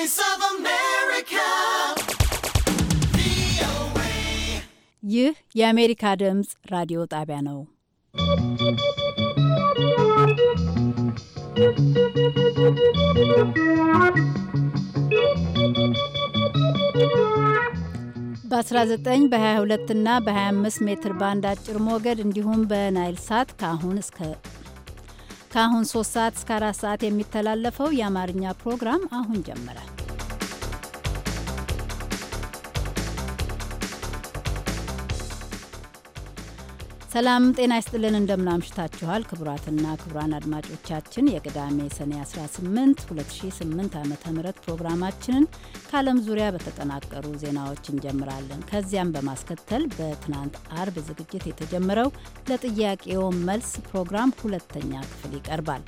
Voice of America. ይህ የአሜሪካ ድምፅ ራዲዮ ጣቢያ ነው። በ19 በ22 እና በ25 ሜትር ባንድ አጭር ሞገድ እንዲሁም በናይል ሳት ከአሁን እስከ ከአሁን ሶስት ሰዓት እስከ አራት ሰዓት የሚተላለፈው የአማርኛ ፕሮግራም አሁን ጀምራል። ሰላም ጤና ይስጥልን። እንደምናምሽታችኋል ክቡራትና ክቡራን አድማጮቻችን የቅዳሜ ሰኔ 18 2008 ዓ ም ፕሮግራማችንን ከዓለም ዙሪያ በተጠናቀሩ ዜናዎች እንጀምራለን። ከዚያም በማስከተል በትናንት አርብ ዝግጅት የተጀመረው ለጥያቄው መልስ ፕሮግራም ሁለተኛ ክፍል ይቀርባል።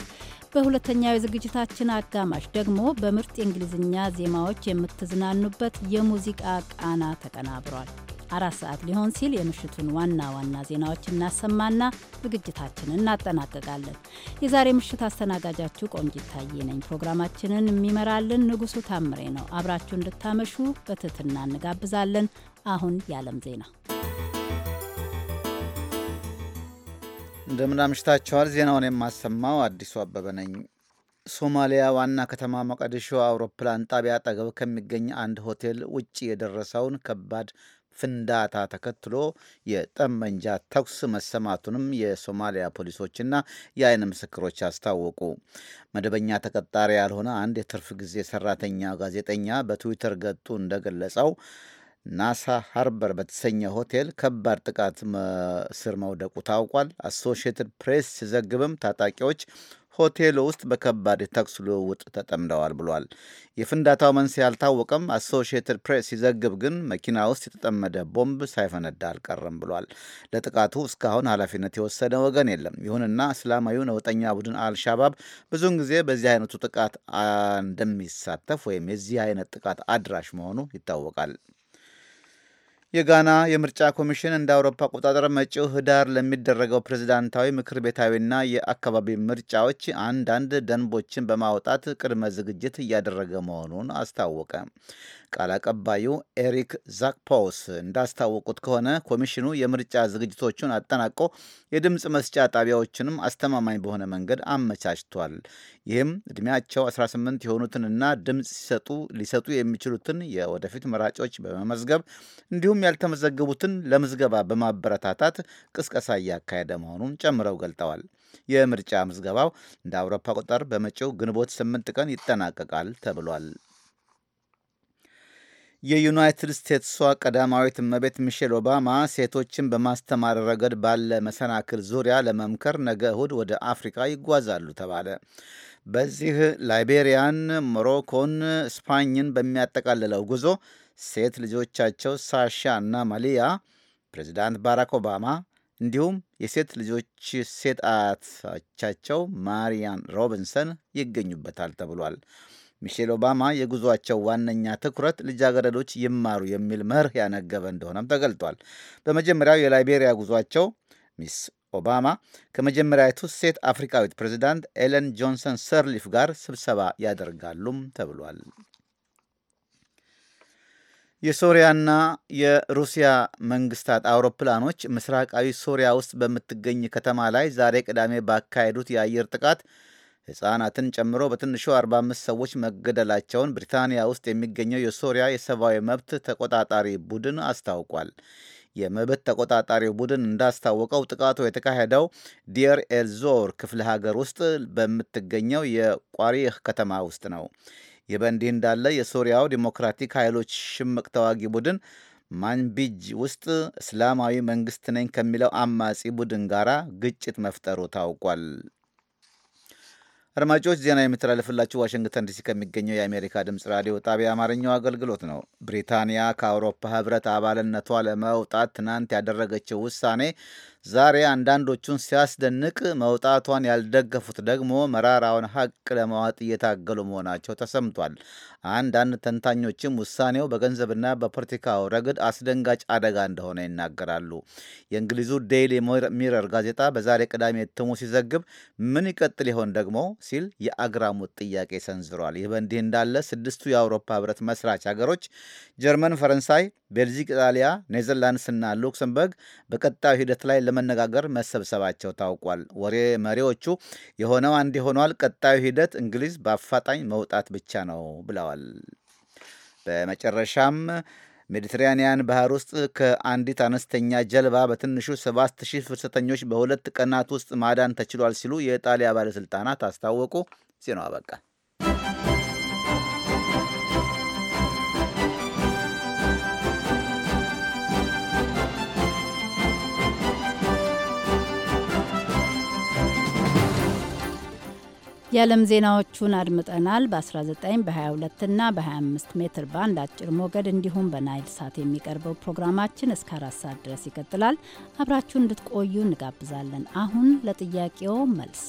በሁለተኛው የዝግጅታችን አጋማሽ ደግሞ በምርጥ የእንግሊዝኛ ዜማዎች የምትዝናኑበት የሙዚቃ ቃና ተቀናብሯል። አራት ሰዓት ሊሆን ሲል የምሽቱን ዋና ዋና ዜናዎች እናሰማና ዝግጅታችንን እናጠናቀቃለን። የዛሬ ምሽት አስተናጋጃችሁ ቆንጂት ታዬ ነኝ። ፕሮግራማችንን የሚመራልን ንጉሱ ታምሬ ነው። አብራችሁ እንድታመሹ በትህትና እንጋብዛለን። አሁን የዓለም ዜና እንደምን አምሽታችኋል። ዜናውን የማሰማው አዲሱ አበበ ነኝ። ሶማሊያ ዋና ከተማ ሞቃዲሾ አውሮፕላን ጣቢያ አጠገብ ከሚገኝ አንድ ሆቴል ውጭ የደረሰውን ከባድ ፍንዳታ ተከትሎ የጠመንጃ ተኩስ መሰማቱንም የሶማሊያ ፖሊሶችና የአይን ምስክሮች አስታወቁ። መደበኛ ተቀጣሪ ያልሆነ አንድ የትርፍ ጊዜ ሰራተኛ ጋዜጠኛ በትዊተር ገጡ እንደገለጸው ናሳ ሃርበር በተሰኘ ሆቴል ከባድ ጥቃት ስር መውደቁ ታውቋል። አሶሽትድ ፕሬስ ሲዘግብም ታጣቂዎች ሆቴል ውስጥ በከባድ የተኩስ ልውውጥ ተጠምደዋል ብሏል። የፍንዳታው መንስኤ አልታወቀም። አሶሺየትድ ፕሬስ ሲዘግብ ግን መኪና ውስጥ የተጠመደ ቦምብ ሳይፈነዳ አልቀረም ብሏል። ለጥቃቱ እስካሁን ኃላፊነት የወሰደ ወገን የለም። ይሁንና እስላማዊው ነውጠኛ ቡድን አልሻባብ ብዙውን ጊዜ በዚህ አይነቱ ጥቃት እንደሚሳተፍ ወይም የዚህ አይነት ጥቃት አድራሽ መሆኑ ይታወቃል። የጋና የምርጫ ኮሚሽን እንደ አውሮፓ አቆጣጠር መጪው ህዳር ለሚደረገው ፕሬዝዳንታዊ ምክር ቤታዊና የአካባቢ ምርጫዎች አንዳንድ ደንቦችን በማውጣት ቅድመ ዝግጅት እያደረገ መሆኑን አስታወቀ። ቃል አቀባዩ ኤሪክ ዛክፖውስ እንዳስታወቁት ከሆነ ኮሚሽኑ የምርጫ ዝግጅቶቹን አጠናቆ የድምፅ መስጫ ጣቢያዎችንም አስተማማኝ በሆነ መንገድ አመቻችቷል። ይህም ዕድሜያቸው 18 የሆኑትንና ድምፅ ሲሰጡ ሊሰጡ የሚችሉትን የወደፊት መራጮች በመመዝገብ እንዲሁም ያልተመዘገቡትን ለምዝገባ በማበረታታት ቅስቀሳ እያካሄደ መሆኑን ጨምረው ገልጠዋል። የምርጫ ምዝገባው እንደ አውሮፓ ቁጥር በመጪው ግንቦት 8 ቀን ይጠናቀቃል ተብሏል። የዩናይትድ ስቴትሷ ቀዳማዊት እመቤት ሚሼል ኦባማ ሴቶችን በማስተማር ረገድ ባለ መሰናክል ዙሪያ ለመምከር ነገ እሁድ ወደ አፍሪካ ይጓዛሉ ተባለ። በዚህ ላይቤሪያን፣ ሞሮኮን፣ ስፓኝን በሚያጠቃልለው ጉዞ ሴት ልጆቻቸው ሳሻ እና ማሊያ ፕሬዚዳንት ባራክ ኦባማ እንዲሁም የሴት ልጆች ሴት አያቶቻቸው ማሪያን ሮቢንሰን ይገኙበታል ተብሏል። ሚሼል ኦባማ የጉዟቸው ዋነኛ ትኩረት ልጃገረዶች ይማሩ የሚል መርህ ያነገበ እንደሆነም ተገልጧል። በመጀመሪያው የላይቤሪያ ጉዟቸው ሚስ ኦባማ ከመጀመሪያዊቱ ሴት አፍሪካዊት ፕሬዚዳንት ኤለን ጆንሰን ሰርሊፍ ጋር ስብሰባ ያደርጋሉም ተብሏል። የሶሪያና የሩሲያ መንግስታት አውሮፕላኖች ምስራቃዊ ሶሪያ ውስጥ በምትገኝ ከተማ ላይ ዛሬ ቅዳሜ ባካሄዱት የአየር ጥቃት ሕፃናትን ጨምሮ በትንሹ 45 ሰዎች መገደላቸውን ብሪታንያ ውስጥ የሚገኘው የሶሪያ የሰብአዊ መብት ተቆጣጣሪ ቡድን አስታውቋል። የመብት ተቆጣጣሪው ቡድን እንዳስታወቀው ጥቃቱ የተካሄደው ዲየር ኤልዞር ክፍለ ሀገር ውስጥ በምትገኘው የቋሪህ ከተማ ውስጥ ነው። ይህ በእንዲህ እንዳለ የሶሪያው ዲሞክራቲክ ኃይሎች ሽምቅ ተዋጊ ቡድን ማንቢጅ ውስጥ እስላማዊ መንግስት ነኝ ከሚለው አማጺ ቡድን ጋራ ግጭት መፍጠሩ ታውቋል። አድማጮች ዜና የሚተላለፍላችሁ ዋሽንግተን ዲሲ ከሚገኘው የአሜሪካ ድምፅ ራዲዮ ጣቢያ አማርኛው አገልግሎት ነው። ብሪታንያ ከአውሮፓ ሕብረት አባልነቷ ለመውጣት ትናንት ያደረገችው ውሳኔ ዛሬ አንዳንዶቹን ሲያስደንቅ መውጣቷን ያልደገፉት ደግሞ መራራውን ሀቅ ለመዋጥ እየታገሉ መሆናቸው ተሰምቷል። አንዳንድ ተንታኞችም ውሳኔው በገንዘብና በፖለቲካው ረገድ አስደንጋጭ አደጋ እንደሆነ ይናገራሉ። የእንግሊዙ ዴይሊ ሚረር ጋዜጣ በዛሬ ቅዳሜ እትሙ ሲዘግብ ምን ይቀጥል ይሆን ደግሞ ሲል የአግራሞት ጥያቄ ሰንዝሯል። ይህ በእንዲህ እንዳለ ስድስቱ የአውሮፓ ህብረት መስራች ሀገሮች ጀርመን፣ ፈረንሳይ፣ ቤልጂክ፣ ኢጣሊያ፣ ኔዘርላንድስና ሉክሰምበርግ በቀጣዩ ሂደት ላይ ለመነጋገር መሰብሰባቸው ታውቋል። ወሬ መሪዎቹ የሆነው አንድ ሆኗል፣ ቀጣዩ ሂደት እንግሊዝ በአፋጣኝ መውጣት ብቻ ነው ብለዋል። በመጨረሻም ሜዲትራኒያን ባህር ውስጥ ከአንዲት አነስተኛ ጀልባ በትንሹ 7000 ፍልሰተኞች በሁለት ቀናት ውስጥ ማዳን ተችሏል ሲሉ የጣሊያ ባለሥልጣናት አስታወቁ። ዜናው አበቃ። የዓለም ዜናዎቹን አድምጠናል። በ19 በ22 እና በ25 ሜትር ባንድ አጭር ሞገድ እንዲሁም በናይል ሳት የሚቀርበው ፕሮግራማችን እስከ አራት ሰዓት ድረስ ይቀጥላል። አብራችሁ እንድትቆዩ እንጋብዛለን። አሁን ለጥያቄው መልስ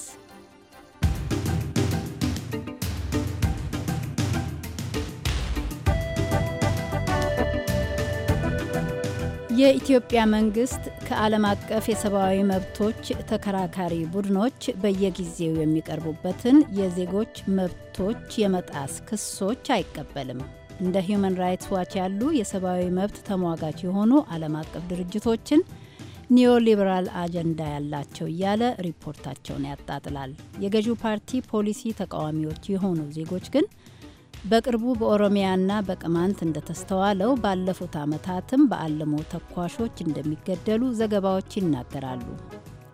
የኢትዮጵያ መንግስት ከዓለም አቀፍ የሰብአዊ መብቶች ተከራካሪ ቡድኖች በየጊዜው የሚቀርቡበትን የዜጎች መብቶች የመጣስ ክሶች አይቀበልም። እንደ ሂዩማን ራይትስ ዋች ያሉ የሰብአዊ መብት ተሟጋች የሆኑ ዓለም አቀፍ ድርጅቶችን ኒዮሊበራል አጀንዳ ያላቸው እያለ ሪፖርታቸውን ያጣጥላል። የገዢው ፓርቲ ፖሊሲ ተቃዋሚዎች የሆኑ ዜጎች ግን በቅርቡ በኦሮሚያና በቅማንት እንደተስተዋለው ባለፉት ዓመታትም በአልሞ ተኳሾች እንደሚገደሉ ዘገባዎች ይናገራሉ።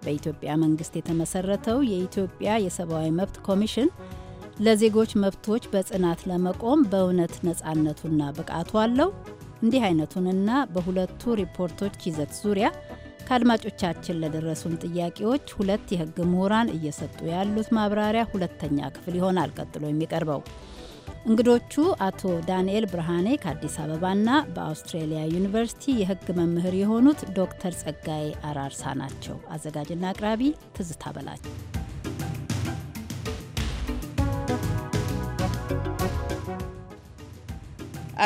በኢትዮጵያ መንግስት የተመሰረተው የኢትዮጵያ የሰብአዊ መብት ኮሚሽን ለዜጎች መብቶች በጽናት ለመቆም በእውነት ነጻነቱና ብቃቱ አለው? እንዲህ አይነቱንና በሁለቱ ሪፖርቶች ይዘት ዙሪያ ከአድማጮቻችን ለደረሱን ጥያቄዎች ሁለት የሕግ ምሁራን እየሰጡ ያሉት ማብራሪያ ሁለተኛ ክፍል ይሆናል ቀጥሎ የሚቀርበው። እንግዶቹ አቶ ዳንኤል ብርሃኔ ከአዲስ አበባና በአውስትሬሊያ ዩኒቨርሲቲ የሕግ መምህር የሆኑት ዶክተር ጸጋዬ አራርሳ ናቸው። አዘጋጅና አቅራቢ ትዝታ በላቸው።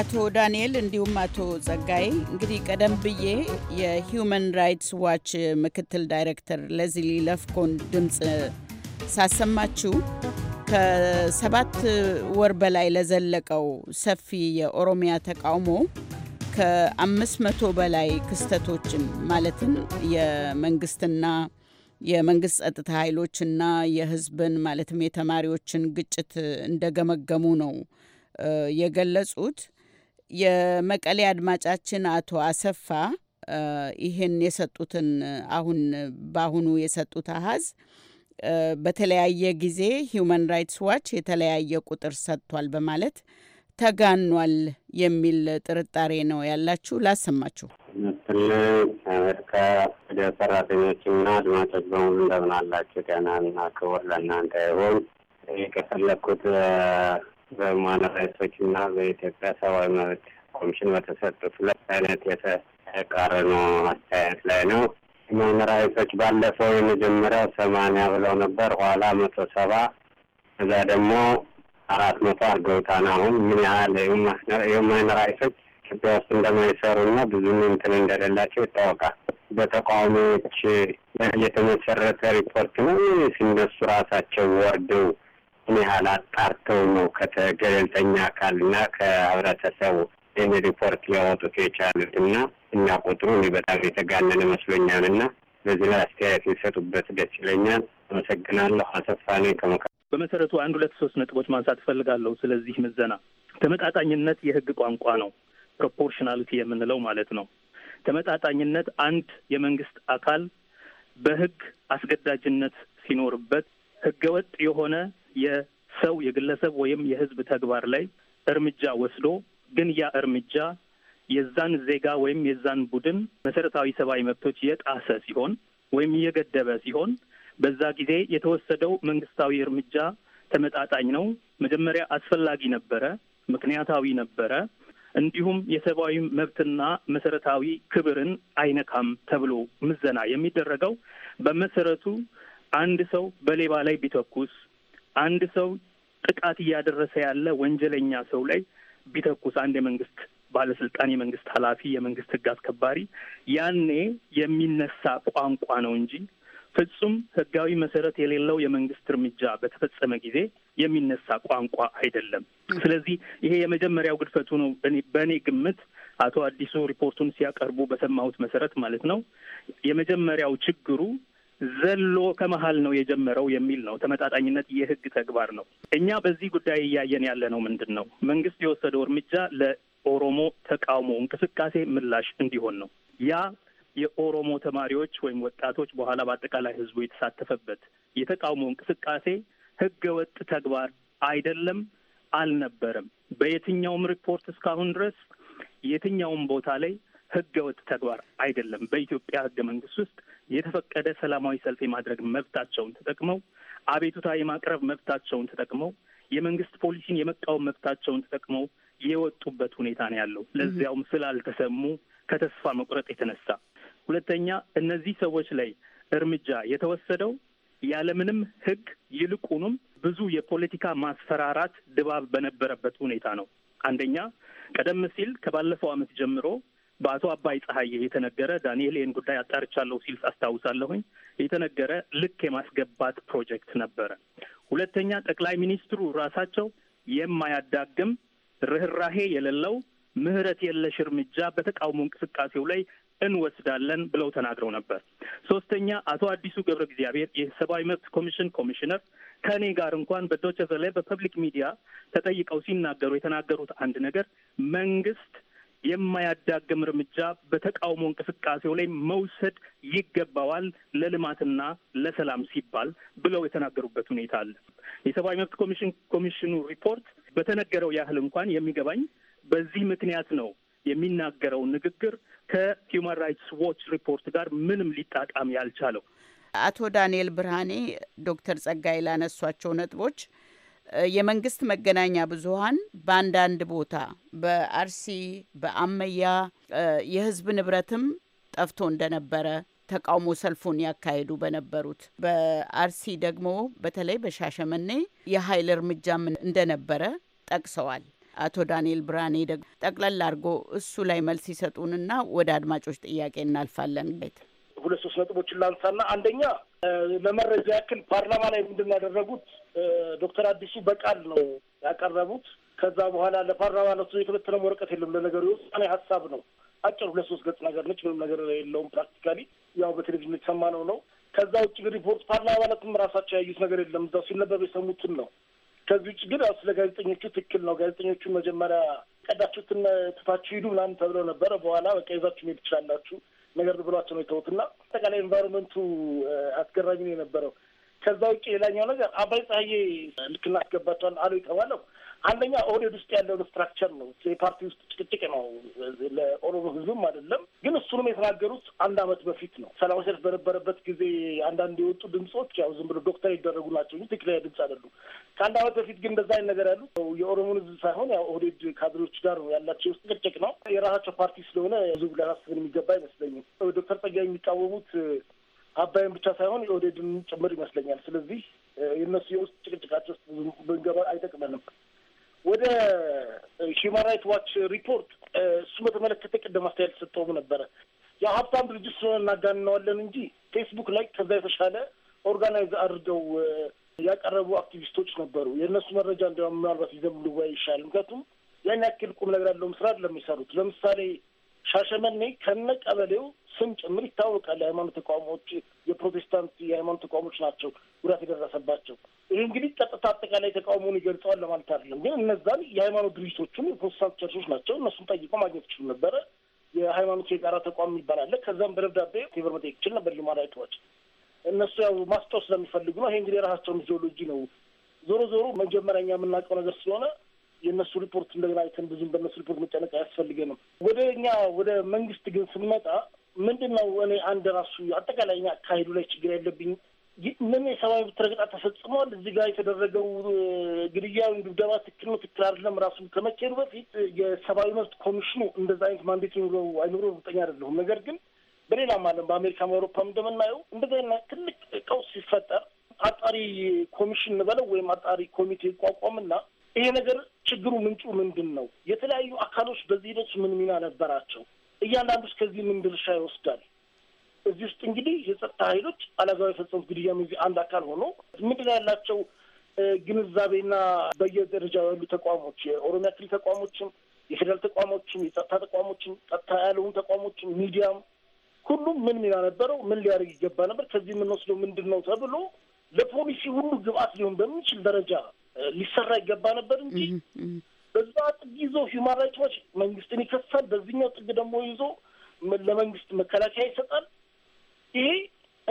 አቶ ዳንኤል እንዲሁም አቶ ጸጋዬ እንግዲህ ቀደም ብዬ የሂዩማን ራይትስ ዋች ምክትል ዳይሬክተር ለዚሊ ለፍኮን ድምፅ ሳሰማችሁ ከሰባት ወር በላይ ለዘለቀው ሰፊ የኦሮሚያ ተቃውሞ ከአምስት መቶ በላይ ክስተቶችን ማለትም የመንግስትና የመንግስት ጸጥታ ኃይሎችና የህዝብን ማለትም የተማሪዎችን ግጭት እንደገመገሙ ነው የገለጹት። የመቀሌ አድማጫችን አቶ አሰፋ ይህን የሰጡትን አሁን በአሁኑ የሰጡት አሀዝ በተለያየ ጊዜ ሂውማን ራይትስ ዋች የተለያየ ቁጥር ሰጥቷል በማለት ተጋኗል የሚል ጥርጣሬ ነው ያላችሁ ላሰማችሁ። ትልቅ አሜሪካ ወደ ሰራተኞችና አድማጮች በሙሉ እንደምን አላችሁ? ጤናና ክቡር ለእናንተ ይሁን። የከፈለኩት በሂውማን ራይትሶች እና በኢትዮጵያ ሰብአዊ መብት ኮሚሽን በተሰጡት ሁለት አይነት የተቃረኑ አስተያየት ላይ ነው። ራይቶች ባለፈው የመጀመሪያ ሰማንያ ብለው ነበር፣ ኋላ መቶ ሰባ እዛ ደግሞ አራት መቶ አድርገውታል። አሁን ምን ያህል ራይቶች ኢትዮጵያ ውስጥ እንደማይሰሩ እንደማይሰሩና ብዙ እንትን እንደሌላቸው ይታወቃል። በተቃዋሚዎች የተመሰረተ ሪፖርት ነው ሲነሱ ራሳቸው ወርደው ምን ያህል አጣርተው ነው ከተገለልተኛ አካል አካልና ከህብረተሰቡ ይህን ሪፖርት ሊያወጡት የቻሉት እና እና ቁጥሩ እኔ በጣም የተጋነነ መስሎኛል እና በዚህ ላይ አስተያየት ሊሰጡበት ደስ ይለኛል። አመሰግናለሁ። አሰፋ ነኝ ከመካ በመሰረቱ አንድ ሁለት ሶስት ነጥቦች ማንሳት እፈልጋለሁ። ስለዚህ ምዘና ተመጣጣኝነት የህግ ቋንቋ ነው። ፕሮፖርሽናሊቲ የምንለው ማለት ነው። ተመጣጣኝነት አንድ የመንግስት አካል በህግ አስገዳጅነት ሲኖርበት ህገ ወጥ የሆነ የሰው የግለሰብ ወይም የህዝብ ተግባር ላይ እርምጃ ወስዶ ግን ያ እርምጃ የዛን ዜጋ ወይም የዛን ቡድን መሰረታዊ ሰብአዊ መብቶች የጣሰ ሲሆን ወይም እየገደበ ሲሆን በዛ ጊዜ የተወሰደው መንግስታዊ እርምጃ ተመጣጣኝ ነው፣ መጀመሪያ አስፈላጊ ነበረ፣ ምክንያታዊ ነበረ፣ እንዲሁም የሰብአዊ መብትና መሰረታዊ ክብርን አይነካም ተብሎ ምዘና የሚደረገው በመሰረቱ አንድ ሰው በሌባ ላይ ቢተኩስ አንድ ሰው ጥቃት እያደረሰ ያለ ወንጀለኛ ሰው ላይ ቢተኩስ አንድ የመንግስት ባለስልጣን፣ የመንግስት ኃላፊ፣ የመንግስት ህግ አስከባሪ ያኔ የሚነሳ ቋንቋ ነው እንጂ ፍጹም ህጋዊ መሰረት የሌለው የመንግስት እርምጃ በተፈጸመ ጊዜ የሚነሳ ቋንቋ አይደለም። ስለዚህ ይሄ የመጀመሪያው ግድፈቱ ነው። በእኔ ግምት አቶ አዲሱ ሪፖርቱን ሲያቀርቡ በሰማሁት መሰረት ማለት ነው የመጀመሪያው ችግሩ ዘሎ ከመሀል ነው የጀመረው የሚል ነው። ተመጣጣኝነት የህግ ተግባር ነው። እኛ በዚህ ጉዳይ እያየን ያለ ነው ምንድን ነው መንግስት የወሰደው እርምጃ ኦሮሞ ተቃውሞ እንቅስቃሴ ምላሽ እንዲሆን ነው። ያ የኦሮሞ ተማሪዎች ወይም ወጣቶች በኋላ በአጠቃላይ ህዝቡ የተሳተፈበት የተቃውሞ እንቅስቃሴ ህገ ወጥ ተግባር አይደለም፣ አልነበረም። በየትኛውም ሪፖርት እስካሁን ድረስ የትኛውም ቦታ ላይ ህገ ወጥ ተግባር አይደለም። በኢትዮጵያ ህገ መንግስት ውስጥ የተፈቀደ ሰላማዊ ሰልፍ የማድረግ መብታቸውን ተጠቅመው አቤቱታ የማቅረብ መብታቸውን ተጠቅመው የመንግስት ፖሊሲን የመቃወም መብታቸውን ተጠቅመው የወጡበት ሁኔታ ነው ያለው። ለዚያውም ስላልተሰሙ ከተስፋ መቁረጥ የተነሳ። ሁለተኛ እነዚህ ሰዎች ላይ እርምጃ የተወሰደው ያለምንም ሕግ ይልቁንም ብዙ የፖለቲካ ማስፈራራት ድባብ በነበረበት ሁኔታ ነው። አንደኛ ቀደም ሲል ከባለፈው ዓመት ጀምሮ በአቶ አባይ ፀሐዬ የተነገረ ዳንኤል ይህን ጉዳይ አጣርቻለሁ ሲል አስታውሳለሁኝ የተነገረ ልክ የማስገባት ፕሮጀክት ነበረ። ሁለተኛ ጠቅላይ ሚኒስትሩ ራሳቸው የማያዳግም ርኅራሄ የሌለው ምህረት የለሽ እርምጃ በተቃውሞ እንቅስቃሴው ላይ እንወስዳለን ብለው ተናግረው ነበር። ሶስተኛ አቶ አዲሱ ገብረ እግዚአብሔር የሰብአዊ መብት ኮሚሽን ኮሚሽነር ከእኔ ጋር እንኳን በዶቸ ቨለ በፐብሊክ ሚዲያ ተጠይቀው ሲናገሩ የተናገሩት አንድ ነገር መንግስት የማያዳግም እርምጃ በተቃውሞ እንቅስቃሴው ላይ መውሰድ ይገባዋል ለልማትና ለሰላም ሲባል ብለው የተናገሩበት ሁኔታ አለ። የሰብአዊ መብት ኮሚሽን ኮሚሽኑ ሪፖርት በተነገረው ያህል እንኳን የሚገባኝ በዚህ ምክንያት ነው የሚናገረው ንግግር ከሂውማን ራይትስ ዎች ሪፖርት ጋር ምንም ሊጣጣም ያልቻለው። አቶ ዳንኤል ብርሃኔ ዶክተር ጸጋይ ላነሷቸው ነጥቦች የመንግስት መገናኛ ብዙሀን በአንዳንድ ቦታ በአርሲ በአመያ የህዝብ ንብረትም ጠፍቶ እንደነበረ ተቃውሞ ሰልፉን ያካሄዱ በነበሩት በአርሲ ደግሞ በተለይ በሻሸመኔ የኃይል እርምጃም እንደነበረ ጠቅሰዋል። አቶ ዳንኤል ብርሃኔ ደግሞ ጠቅለል አድርጎ እሱ ላይ መልስ ይሰጡንና ወደ አድማጮች ጥያቄ እናልፋለን። ቤት ሁለት ሶስት ነጥቦችን ላንሳና አንደኛ ለመረጃ ያክል ፓርላማ ላይ ምንድን ያደረጉት ዶክተር አዲሱ በቃል ነው ያቀረቡት። ከዛ በኋላ ለፓርላማ ለሱ የተበተነ ወረቀት የለም። ለነገሩ የውሳኔ ሀሳብ ነው አጭር ሁለት ሶስት ገጽ ነገር ነች። ምንም ነገር የለውም። ፕራክቲካሊ ያው በቴሌቪዥን የተሰማነው ነው። ከዛ ውጭ ግን ሪፖርት ፓርላ አባላትም ራሳቸው ያዩት ነገር የለም። እዛው ሲነበብ የሰሙትን ነው። ከዚህ ውጭ ግን ስለ ጋዜጠኞቹ ትክክል ነው። ጋዜጠኞቹ መጀመሪያ ቀዳችሁትን ትታችሁ ሂዱ ምናምን ተብለው ነበረ። በኋላ በቃ ይዛችሁ ሄድ ትችላላችሁ ነገር ብሏቸው ነው የተውት እና አጠቃላይ ኤንቫይሮንመንቱ አስገራሚ ነው የነበረው። ከዛ ውጭ ሌላኛው ነገር አባይ ፀሐዬ ልክ አስገባቸዋል አሉ የተባለው አንደኛ ኦህዴድ ውስጥ ያለው ስትራክቸር ነው። የፓርቲ ውስጥ ጭቅጭቅ ነው፣ ለኦሮሞ ህዝብም አይደለም። ግን እሱንም የተናገሩት አንድ አመት በፊት ነው። ሰላማዊ ሰልፍ በነበረበት ጊዜ አንዳንድ የወጡ ድምጾች ያው ዝም ብሎ ዶክተር ይደረጉ ናቸው እንጂ ትክክለኛ ድምፅ አይደሉም። ከአንድ አመት በፊት ግን እንደዛ አይነት ነገር ያሉት የኦሮሞን ህዝብ ሳይሆን ያው ኦህዴድ ካድሬዎች ጋር ነው ያላቸው ውስጥ ጭቅጭቅ ነው። የራሳቸው ፓርቲ ስለሆነ ህዝቡ ሊያሳስብን የሚገባ አይመስለኝም። ዶክተር ጸጋይ የሚቃወሙት አባይን ብቻ ሳይሆን የኦህዴድን ጭምር ይመስለኛል። ስለዚህ የእነሱ የውስጥ ጭቅጭቃቸው ውስጥ ብንገባ አይጠቅመንም። ወደ ሂውማን ራይት ዋች ሪፖርት እሱ በተመለከተ ቅድም አስተያየት ሰጠውም ነበረ። ያ ሀብታም ድርጅት ስለሆነ እናጋንነዋለን እንጂ ፌስቡክ ላይ ከዛ የተሻለ ኦርጋናይዝ አድርገው ያቀረቡ አክቲቪስቶች ነበሩ። የእነሱ መረጃ እንዲያውም ምናልባት ይዘብሉ ይሻል። ምክንያቱም ያን ያክል ቁም ነገር ያለው ስራ አይደለም የሚሰሩት። ለምሳሌ ሻሸመኔ ከነ ቀበሌው ስም ጭምር ይታወቃል። የሃይማኖት ተቋሞች የፕሮቴስታንት የሃይማኖት ተቋሞች ናቸው ጉዳት የደረሰባቸው። ይህ እንግዲህ ቀጥታ አጠቃላይ ተቃውሞውን ይገልጸዋል ለማለት አይደለም፣ ግን እነዛን የሃይማኖት ድርጅቶቹም የፕሮቴስታንት ቸርቾች ናቸው። እነሱን ጠይቆ ማግኘት ይችሉ ነበረ። የሃይማኖት የጋራ ተቋም የሚባል ከዛም በደብዳቤ ቴቨር መጠየቅ ይችል ነበር። ልማድ አይተዋች እነሱ ያው ማስታወስ ስለሚፈልጉ ነው። ይሄ እንግዲህ የራሳቸውን ፊዚዮሎጂ ነው። ዞሮ ዞሮ መጀመሪያ እኛ የምናውቀው ነገር ስለሆነ የእነሱ ሪፖርት እንደገና አይተን ብዙም በእነሱ ሪፖርት መጨነቅ አያስፈልገንም። ወደ እኛ ወደ መንግስት ግን ስንመጣ ምንድን ነው እኔ አንድ ራሱ አጠቃላይ እኛ አካሄዱ ላይ ችግር ያለብኝ ምን የሰብአዊ መብት ረገጣ ተፈጽሟል። እዚህ ጋር የተደረገው ግድያ ወይም ድብደባ ትክክል ነው ትክክል አይደለም ራሱ ከመካሄዱ በፊት የሰብአዊ መብት ኮሚሽኑ እንደዛ አይነት ማንዴት ይኑረው አይኑረው እርግጠኛ አይደለሁም። ነገር ግን በሌላም ዓለም በአሜሪካም በአውሮፓም እንደምናየው እንደገና ትልቅ ቀውስ ሲፈጠር አጣሪ ኮሚሽን እንበለው ወይም አጣሪ ኮሚቴ ይቋቋምና ይሄ ነገር ችግሩ ምንጩ ምንድን ነው? የተለያዩ አካሎች በዚህ ሂደት ምን ሚና ነበራቸው? እያንዳንዱ ከዚህ ምን ድርሻ ይወስዳል? እዚህ ውስጥ እንግዲህ የጸጥታ ኃይሎች አላጋዊ የፈጸሙት ግድያ እዚህ አንድ አካል ሆኖ ምንድን ነው ያላቸው ግንዛቤና በየደረጃው ያሉ ተቋሞች የኦሮሚያ ክልል ተቋሞችም፣ የፌዴራል ተቋሞችም፣ የጸጥታ ተቋሞችም፣ ጸጥታ ያለውን ተቋሞችም፣ ሚዲያም ሁሉም ምን ሚና ነበረው? ምን ሊያደርግ ይገባ ነበር? ከዚህ የምንወስደው ምንድን ነው ተብሎ ለፖሊሲ ሁሉ ግብአት ሊሆን በሚችል ደረጃ ሊሰራ ይገባ ነበር እንጂ በዛ ጥግ ይዞ ሂውማን ራይትስ ዋች መንግስትን ይከሳል፣ በዚህኛው ጥግ ደግሞ ይዞ ለመንግስት መከላከያ ይሰጣል። ይሄ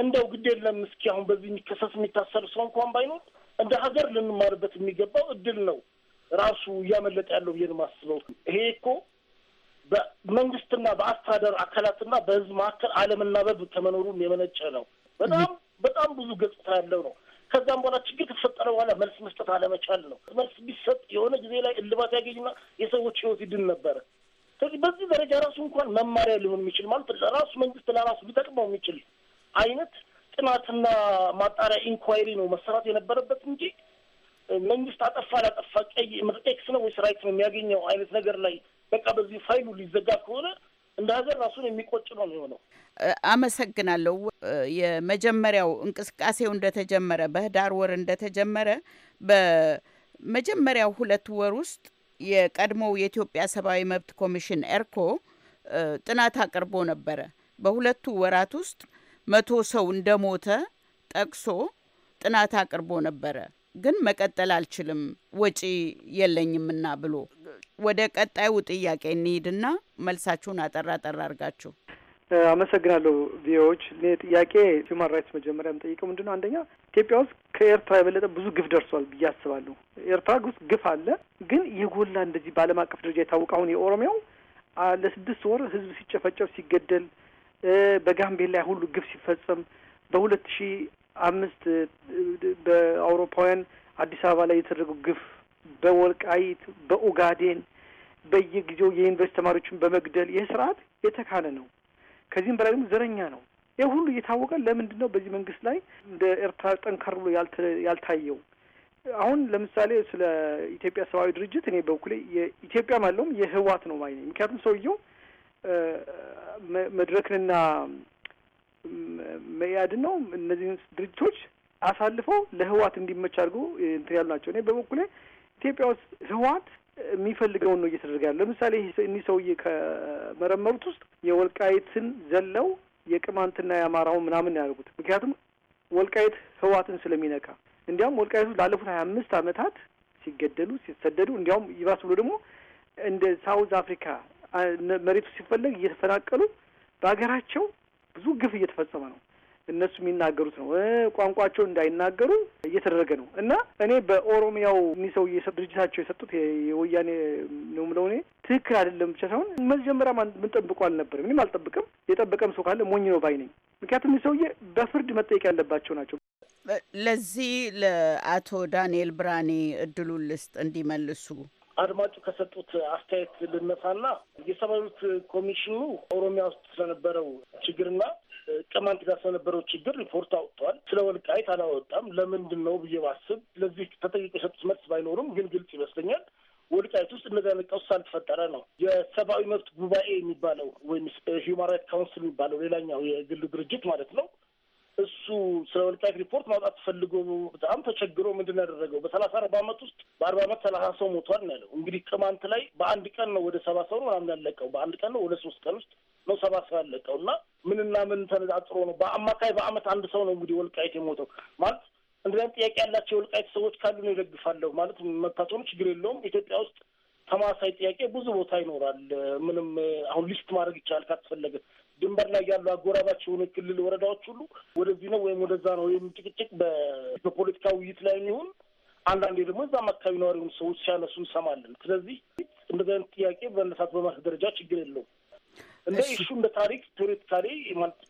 እንደው ግድ የለም እስኪ አሁን በዚህ የሚከሰስ የሚታሰር ሰው እንኳን ባይኖር እንደ ሀገር ልንማርበት የሚገባው እድል ነው ራሱ እያመለጠ ያለው ብዬ ነው የማስበው። ይሄ እኮ በመንግስትና በአስተዳደር አካላትና በህዝብ መካከል አለመናበብ ከመኖሩም የመነጨ ነው። በጣም በጣም ብዙ ገጽታ ያለው ነው። ከዛም በኋላ ችግር ከተፈጠረ በኋላ መልስ መስጠት አለመቻል ነው። መልስ ቢሰጥ የሆነ ጊዜ ላይ እልባት ያገኝና የሰዎች ህይወት ይድን ነበረ። ስለዚህ በዚህ ደረጃ ራሱ እንኳን መማሪያ ሊሆን የሚችል ማለት ለራሱ መንግስት ለራሱ ሊጠቅመው የሚችል አይነት ጥናትና ማጣሪያ ኢንኳይሪ ነው መሰራት የነበረበት እንጂ መንግስት አጠፋ ላጠፋ ቀይ ኤክስ ነው ወይስ ራይት ነው የሚያገኘው አይነት ነገር ላይ በቃ በዚህ ፋይሉ ሊዘጋ ከሆነ እንደ ሀገር ራሱን የሚቆጭ ነው የሚሆነው። አመሰግናለሁ። የመጀመሪያው እንቅስቃሴው እንደተጀመረ በህዳር ወር እንደተጀመረ በመጀመሪያው ሁለት ወር ውስጥ የቀድሞው የኢትዮጵያ ሰብአዊ መብት ኮሚሽን ኤርኮ ጥናት አቅርቦ ነበረ። በሁለቱ ወራት ውስጥ መቶ ሰው እንደሞተ ጠቅሶ ጥናት አቅርቦ ነበረ። ግን መቀጠል አልችልም ወጪ የለኝምና ብሎ ወደ ቀጣዩ ጥያቄ እንሂድና መልሳችሁን አጠራ ጠራ አድርጋችሁ አመሰግናለሁ። ቪዎች እኔ ጥያቄ ሂውማን ራይትስ መጀመሪያ የምጠይቀው ምንድን ነው፣ አንደኛ ኢትዮጵያ ውስጥ ከኤርትራ የበለጠ ብዙ ግፍ ደርሷል ብዬ አስባለሁ። ኤርትራ ውስጥ ግፍ አለ፣ ግን የጎላ እንደዚህ በአለም አቀፍ ደረጃ የታወቀ አሁን የኦሮሚያው ለስድስት ወር ህዝብ ሲጨፈጨፍ ሲገደል፣ በጋምቤላ ላይ ሁሉ ግፍ ሲፈጸም በሁለት ሺህ አምስት በአውሮፓውያን አዲስ አበባ ላይ የተደረገው ግፍ በወልቃይት በኦጋዴን በየጊዜው የዩኒቨርስቲ ተማሪዎችን በመግደል ይህ ስርዓት የተካነ ነው። ከዚህም በላይ ደግሞ ዘረኛ ነው። ይህ ሁሉ እየታወቀ ለምንድን ነው በዚህ መንግስት ላይ እንደ ኤርትራ ጠንከር ብሎ ያልታየው? አሁን ለምሳሌ ስለ ኢትዮጵያ ሰብአዊ ድርጅት እኔ በኩሌ የኢትዮጵያም አለውም የህዋት ነው ማለት ነው። ምክንያቱም ሰውየው መድረክንና መያድ ነው እነዚህን ድርጅቶች አሳልፈው ለህዋት እንዲመች አድርጎ እንትን ያሉ ናቸው። እኔ በበኩሌ ኢትዮጵያ ውስጥ ህዋት የሚፈልገውን ነው እየተደረገ ያለ። ለምሳሌ እኒህ ሰውዬ ከመረመሩት ውስጥ የወልቃይትን ዘለው የቅማንትና የአማራውን ምናምን ያደርጉት ምክንያቱም ወልቃይት ህዋትን ስለሚነካ እንዲያውም ወልቃይቱ ላለፉት ሀያ አምስት አመታት ሲገደሉ ሲሰደዱ እንዲያውም ይባስ ብሎ ደግሞ እንደ ሳውዝ አፍሪካ መሬቱ ሲፈለግ እየተፈናቀሉ በሀገራቸው ብዙ ግፍ እየተፈጸመ ነው። እነሱ የሚናገሩት ነው ቋንቋቸው እንዳይናገሩ እየተደረገ ነው እና እኔ በኦሮሚያው እኒህ ሰው ድርጅታቸው የሰጡት የወያኔ ነው የምለው እኔ ትክክል አይደለም ብቻ ሳይሆን መጀመሪያ ምንጠብቀው አልነበረም። እኔም አልጠብቅም። የጠበቀም ሰው ካለ ሞኝ ነው ባይ ነኝ። ምክንያቱም ሰውዬ በፍርድ መጠየቅ ያለባቸው ናቸው። ለዚህ ለአቶ ዳንኤል ብርሃኔ እድሉን ልስጥ እንዲመልሱ። አድማጩ ከሰጡት አስተያየት ልነሳና የሰብአዊ መብት ኮሚሽኑ ኦሮሚያ ውስጥ ስለነበረው ችግርና ቅማንት ጋር ስለነበረው ችግር ሪፖርት አውጥተዋል። ስለ ወልቃይት አላወጣም። ለምንድን ነው ብዬ ባስብ ለዚህ ተጠይቀው የሰጡት መልስ ባይኖርም ግን ግልጽ ይመስለኛል ወልቃይት ውስጥ እነዚህ አይነት ቀውስ አልተፈጠረ ነው። የሰብአዊ መብት ጉባኤ የሚባለው ወይም ሂውማን ራይት ካውንስል የሚባለው ሌላኛው የግል ድርጅት ማለት ነው እሱ ስለ ወልቃይት ሪፖርት ማውጣት ፈልጎ በጣም ተቸግሮ ምንድን ያደረገው? በሰላሳ አርባ አመት ውስጥ በአርባ አመት ሰላሳ ሰው ሞቷል ነው ያለው። እንግዲህ ቅማንት ላይ በአንድ ቀን ነው ወደ ሰባ ሰው ምናምን ያለቀው። በአንድ ቀን ነው ወደ ሶስት ቀን ውስጥ ነው ሰባ ሰው ያለቀው እና ምንና ምን ተነጻጽሮ ነው? በአማካይ በአመት አንድ ሰው ነው እንግዲህ ወልቃይት የሞተው ማለት እንደዚም ጥያቄ ያላቸው የወልቃይት ሰዎች ካሉ ነው ይደግፋለሁ ማለት መታጠሩ ችግር የለውም። ኢትዮጵያ ውስጥ ተማሳይ ጥያቄ ብዙ ቦታ ይኖራል። ምንም አሁን ሊስት ማድረግ ይቻላል ካስፈለገ ድንበር ላይ ያሉ አጎራባች የሆነ ክልል ወረዳዎች ሁሉ ወደዚህ ነው ወይም ወደዛ ነው ወይም ጭቅጭቅ በፖለቲካ ውይይት ላይ የሚሆን አንዳንዴ ደግሞ እዛም አካባቢ ነዋሪውን ሰዎች ሲያነሱ እንሰማለን። ስለዚህ እንደዚህ አይነት ጥያቄ በነሳት በማስ ደረጃ ችግር የለውም። እንደ ኢሹ እንደ ታሪክ ቴዎሬቲካሊ ማለት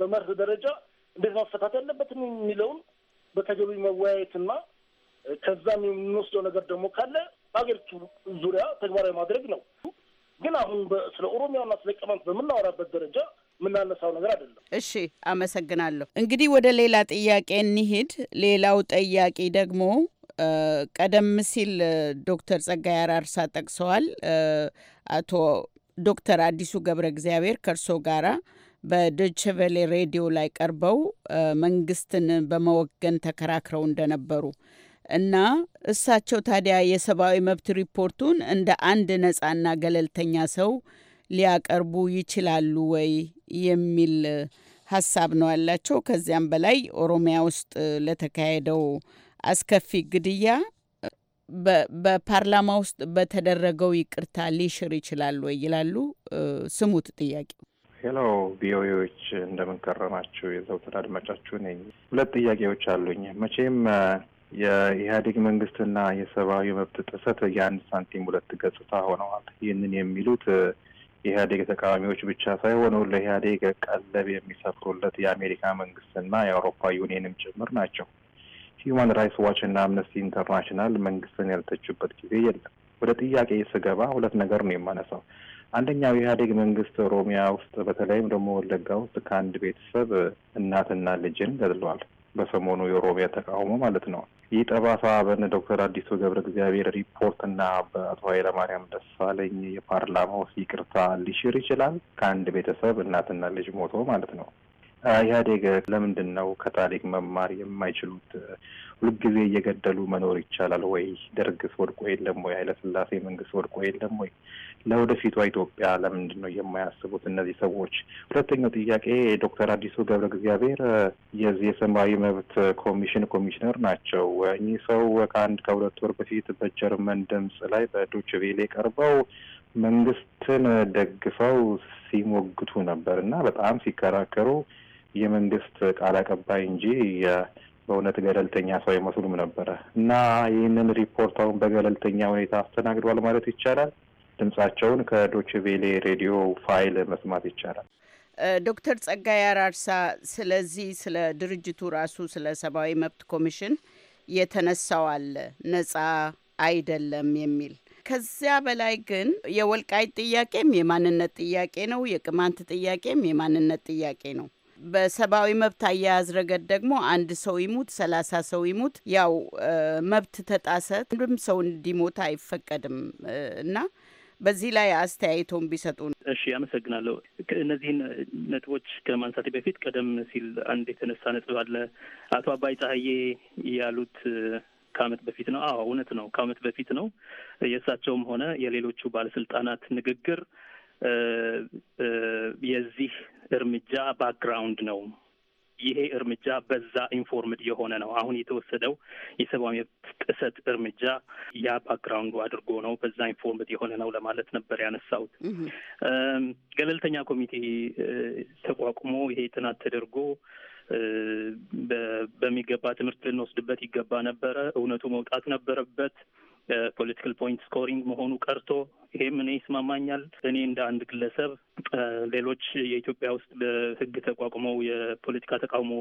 በመርህ ደረጃ እንዴት መፈታት ያለበት የሚለውን በተገቢ መወያየትና ከዛም የምንወስደው ነገር ደግሞ ካለ በሀገሪቱ ዙሪያ ተግባራዊ ማድረግ ነው። ግን አሁን ስለ ኦሮሚያና ስለ ቅማንት በምናወራበት ደረጃ የምናነሳው ነገር አይደለም። እሺ፣ አመሰግናለሁ። እንግዲህ ወደ ሌላ ጥያቄ እንሂድ። ሌላው ጠያቂ ደግሞ ቀደም ሲል ዶክተር ጸጋይ አራርሳ ጠቅሰዋል። አቶ ዶክተር አዲሱ ገብረ እግዚአብሔር ከእርሶ ጋራ በዶይቼ ሬዲዮ ላይ ቀርበው መንግስትን በመወገን ተከራክረው እንደነበሩ እና እሳቸው ታዲያ የሰብአዊ መብት ሪፖርቱን እንደ አንድ ነፃና ገለልተኛ ሰው ሊያቀርቡ ይችላሉ ወይ የሚል ሀሳብ ነው ያላቸው። ከዚያም በላይ ኦሮሚያ ውስጥ ለተካሄደው አስከፊ ግድያ በፓርላማ ውስጥ በተደረገው ይቅርታ ሊሽር ይችላሉ ወይ ይላሉ። ስሙት ጥያቄው። ሄሎ ቪኦኤዎች እንደምንከረማችሁ የዘውትር አድማጫችሁ ነኝ። ሁለት ጥያቄዎች አሉኝ። መቼም የኢህአዴግ መንግስትና የሰብአዊ መብት ጥሰት የአንድ ሳንቲም ሁለት ገጽታ ሆነዋል። ይህንን የሚሉት የኢህአዴግ ተቃዋሚዎች ብቻ ሳይሆኑ ለኢህአዴግ ቀለብ የሚሰፍሩለት የአሜሪካ መንግስትና የአውሮፓ ዩኒየንም ጭምር ናቸው። ሂዩማን ራይትስ ዋች እና አምነስቲ ኢንተርናሽናል መንግስትን ያልተችበት ጊዜ የለም። ወደ ጥያቄ ስገባ ሁለት ነገር ነው የማነሳው። አንደኛው የኢህአዴግ መንግስት ኦሮሚያ ውስጥ በተለይም ደግሞ ወለጋ ውስጥ ከአንድ ቤተሰብ እናትና ልጅን ገድለዋል። በሰሞኑ የኦሮሚያ ተቃውሞ ማለት ነው። ይህ ጠባሳ በነ ዶክተር አዲሱ ገብረ እግዚአብሔር ሪፖርትና በአቶ ኃይለማርያም ደሳለኝ የፓርላማው ይቅርታ ሊሽር ይችላል። ከአንድ ቤተሰብ እናትና ልጅ ሞቶ ማለት ነው። ኢህአዴግ ለምንድን ነው ከታሪክ መማር የማይችሉት? ሁልጊዜ እየገደሉ መኖር ይቻላል ወይ? ደርግስ ወድቆ የለም ወይ? ኃይለስላሴ መንግስት ወድቆ የለም ወይ? ለወደፊቷ ኢትዮጵያ ለምንድን ነው የማያስቡት እነዚህ ሰዎች? ሁለተኛው ጥያቄ ዶክተር አዲሱ ገብረ እግዚአብሔር የዚህ የሰብአዊ መብት ኮሚሽን ኮሚሽነር ናቸው። እኚህ ሰው ከአንድ ከሁለት ወር በፊት በጀርመን ድምፅ ላይ በዶች ቬሌ ቀርበው መንግስትን ደግፈው ሲሞግቱ ነበር እና በጣም ሲከራከሩ የመንግስት ቃል አቀባይ እንጂ በእውነት ገለልተኛ ሰው አይመስሉም ነበረ እና ይህንን ሪፖርት አሁን በገለልተኛ ሁኔታ አስተናግዷል ማለት ይቻላል። ድምጻቸውን ከዶችቬሌ ሬዲዮ ፋይል መስማት ይቻላል። ዶክተር ጸጋይ አራርሳ ስለዚህ ስለ ድርጅቱ ራሱ ስለ ሰብአዊ መብት ኮሚሽን የተነሳው አለ ነጻ አይደለም የሚል ከዚያ በላይ ግን የወልቃይት ጥያቄም የማንነት ጥያቄ ነው። የቅማንት ጥያቄም የማንነት ጥያቄ ነው። በሰብአዊ መብት አያያዝ ረገድ ደግሞ አንድ ሰው ይሙት ሰላሳ ሰው ይሙት ያው መብት ተጣሰ፣ አንድም ሰው እንዲሞት አይፈቀድም እና በዚህ ላይ አስተያየቶን ቢሰጡ። እሺ፣ አመሰግናለሁ። እነዚህን ነጥቦች ከማንሳት በፊት ቀደም ሲል አንድ የተነሳ ነጥብ አለ። አቶ አባይ ፀሐዬ ያሉት ከአመት በፊት ነው። አዎ እውነት ነው፣ ከአመት በፊት ነው። የእሳቸውም ሆነ የሌሎቹ ባለስልጣናት ንግግር የዚህ እርምጃ ባክግራውንድ ነው። ይሄ እርምጃ በዛ ኢንፎርምድ የሆነ ነው። አሁን የተወሰደው የሰብአዊ መብት ጥሰት እርምጃ ያ ባክግራውንዱ አድርጎ ነው፣ በዛ ኢንፎርምድ የሆነ ነው ለማለት ነበር ያነሳሁት። ገለልተኛ ኮሚቴ ተቋቁሞ ይሄ ጥናት ተደርጎ በሚገባ ትምህርት ልንወስድበት ይገባ ነበረ። እውነቱ መውጣት ነበረበት። ፖለቲካል ፖይንት ስኮሪንግ መሆኑ ቀርቶ ይሄም እኔ ይስማማኛል። እኔ እንደ አንድ ግለሰብ ሌሎች የኢትዮጵያ ውስጥ በህግ ተቋቁመው የፖለቲካ ተቃውሞ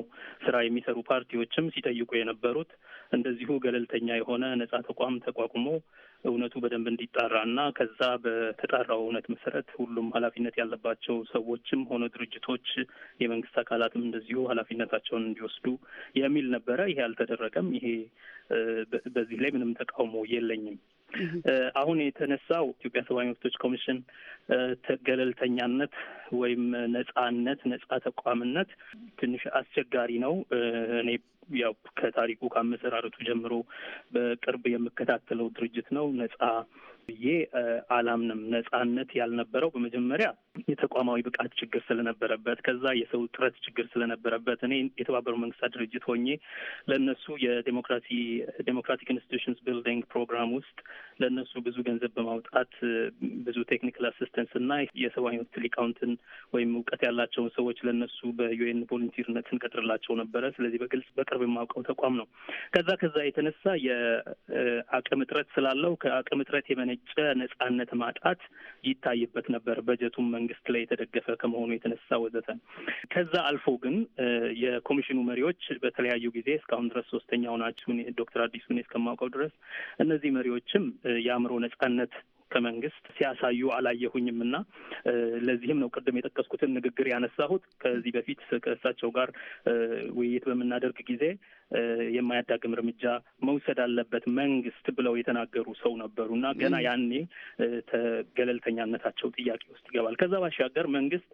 ስራ የሚሰሩ ፓርቲዎችም ሲጠይቁ የነበሩት እንደዚሁ ገለልተኛ የሆነ ነጻ ተቋም ተቋቁሞ እውነቱ በደንብ እንዲጣራ እና ከዛ በተጣራው እውነት መሰረት ሁሉም ኃላፊነት ያለባቸው ሰዎችም ሆነ ድርጅቶች የመንግስት አካላትም እንደዚሁ ኃላፊነታቸውን እንዲወስዱ የሚል ነበረ። ይሄ አልተደረገም። ይሄ በዚህ ላይ ምንም ተቃውሞ የለኝም። አሁን የተነሳው ኢትዮጵያ ሰብአዊ መብቶች ኮሚሽን ገለልተኛነት ወይም ነጻነት ነጻ ተቋምነት ትንሽ አስቸጋሪ ነው። እኔ ያው ከታሪኩ ከአመሰራረቱ ጀምሮ በቅርብ የምከታተለው ድርጅት ነው። ነጻ ብዬ አላምንም። ነጻነት ያልነበረው በመጀመሪያ የተቋማዊ ብቃት ችግር ስለነበረበት ከዛ የሰው ጥረት ችግር ስለነበረበት እኔ የተባበሩ መንግስታት ድርጅት ሆኜ ለእነሱ የዴሞክራሲ ዴሞክራቲክ ኢንስቲቱሽንስ ቢልዲንግ ፕሮግራም ውስጥ ለእነሱ ብዙ ገንዘብ በማውጣት ብዙ ቴክኒካል አሲስተንስ እና የሰብአዊ መብት ሊቃውንትን ወይም እውቀት ያላቸውን ሰዎች ለእነሱ በዩኤን ቮለንቲርነት እንቀጥርላቸው ነበረ። ስለዚህ በግልጽ በቅርብ የማውቀው ተቋም ነው። ከዛ ከዛ የተነሳ የአቅም እጥረት ስላለው ከአቅም እጥረት የመነጨ ነጻነት ማጣት ይታይበት ነበር። በጀቱም መንግስት ላይ የተደገፈ ከመሆኑ የተነሳ ወዘተ። ከዛ አልፎ ግን የኮሚሽኑ መሪዎች በተለያዩ ጊዜ እስካሁን ድረስ ሶስተኛው ናችሁ ዶክተር አዲሱን እስከማውቀው ድረስ እነዚህ መሪዎችም የአእምሮ ነጻነት ከመንግስት ሲያሳዩ አላየሁኝም እና ለዚህም ነው ቅድም የጠቀስኩትን ንግግር ያነሳሁት። ከዚህ በፊት ከእሳቸው ጋር ውይይት በምናደርግ ጊዜ የማያዳግም እርምጃ መውሰድ አለበት መንግስት ብለው የተናገሩ ሰው ነበሩ እና ገና ያኔ ገለልተኛነታቸው ጥያቄ ውስጥ ይገባል። ከዛ ባሻገር መንግስት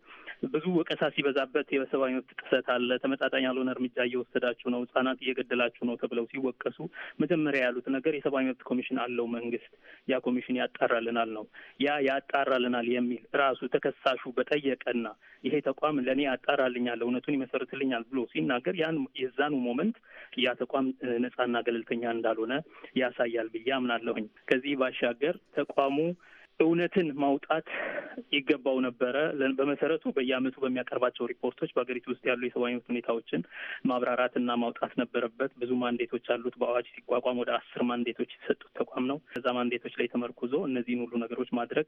ብዙ ወቀሳ ሲበዛበት የሰብአዊ መብት ጥሰት አለ፣ ተመጣጣኝ ያልሆነ እርምጃ እየወሰዳችሁ ነው፣ ህጻናት እየገደላችሁ ነው ተብለው ሲወቀሱ መጀመሪያ ያሉት ነገር የሰብአዊ መብት ኮሚሽን አለው መንግስት፣ ያ ኮሚሽን ያጣራልናል ነው። ያ ያጣራልናል የሚል ራሱ ተከሳሹ በጠየቀና ይሄ ተቋም ለእኔ ያጣራልኛል፣ እውነቱን ይመሰርትልኛል ብሎ ሲናገር ያን የዛኑ ሞመንት ያ ተቋም ነጻና ገለልተኛ እንዳልሆነ ያሳያል ብዬ አምናለሁኝ። ከዚህ ባሻገር ተቋሙ እውነትን ማውጣት ይገባው ነበረ። በመሰረቱ በየአመቱ በሚያቀርባቸው ሪፖርቶች በሀገሪቱ ውስጥ ያሉ የሰብአዊ መብት ሁኔታዎችን ማብራራትና ማውጣት ነበረበት። ብዙ ማንዴቶች አሉት። በአዋጅ ሲቋቋም ወደ አስር ማንዴቶች የተሰጡት ተቋም ነው። እዛ ማንዴቶች ላይ ተመርኩዞ እነዚህን ሁሉ ነገሮች ማድረግ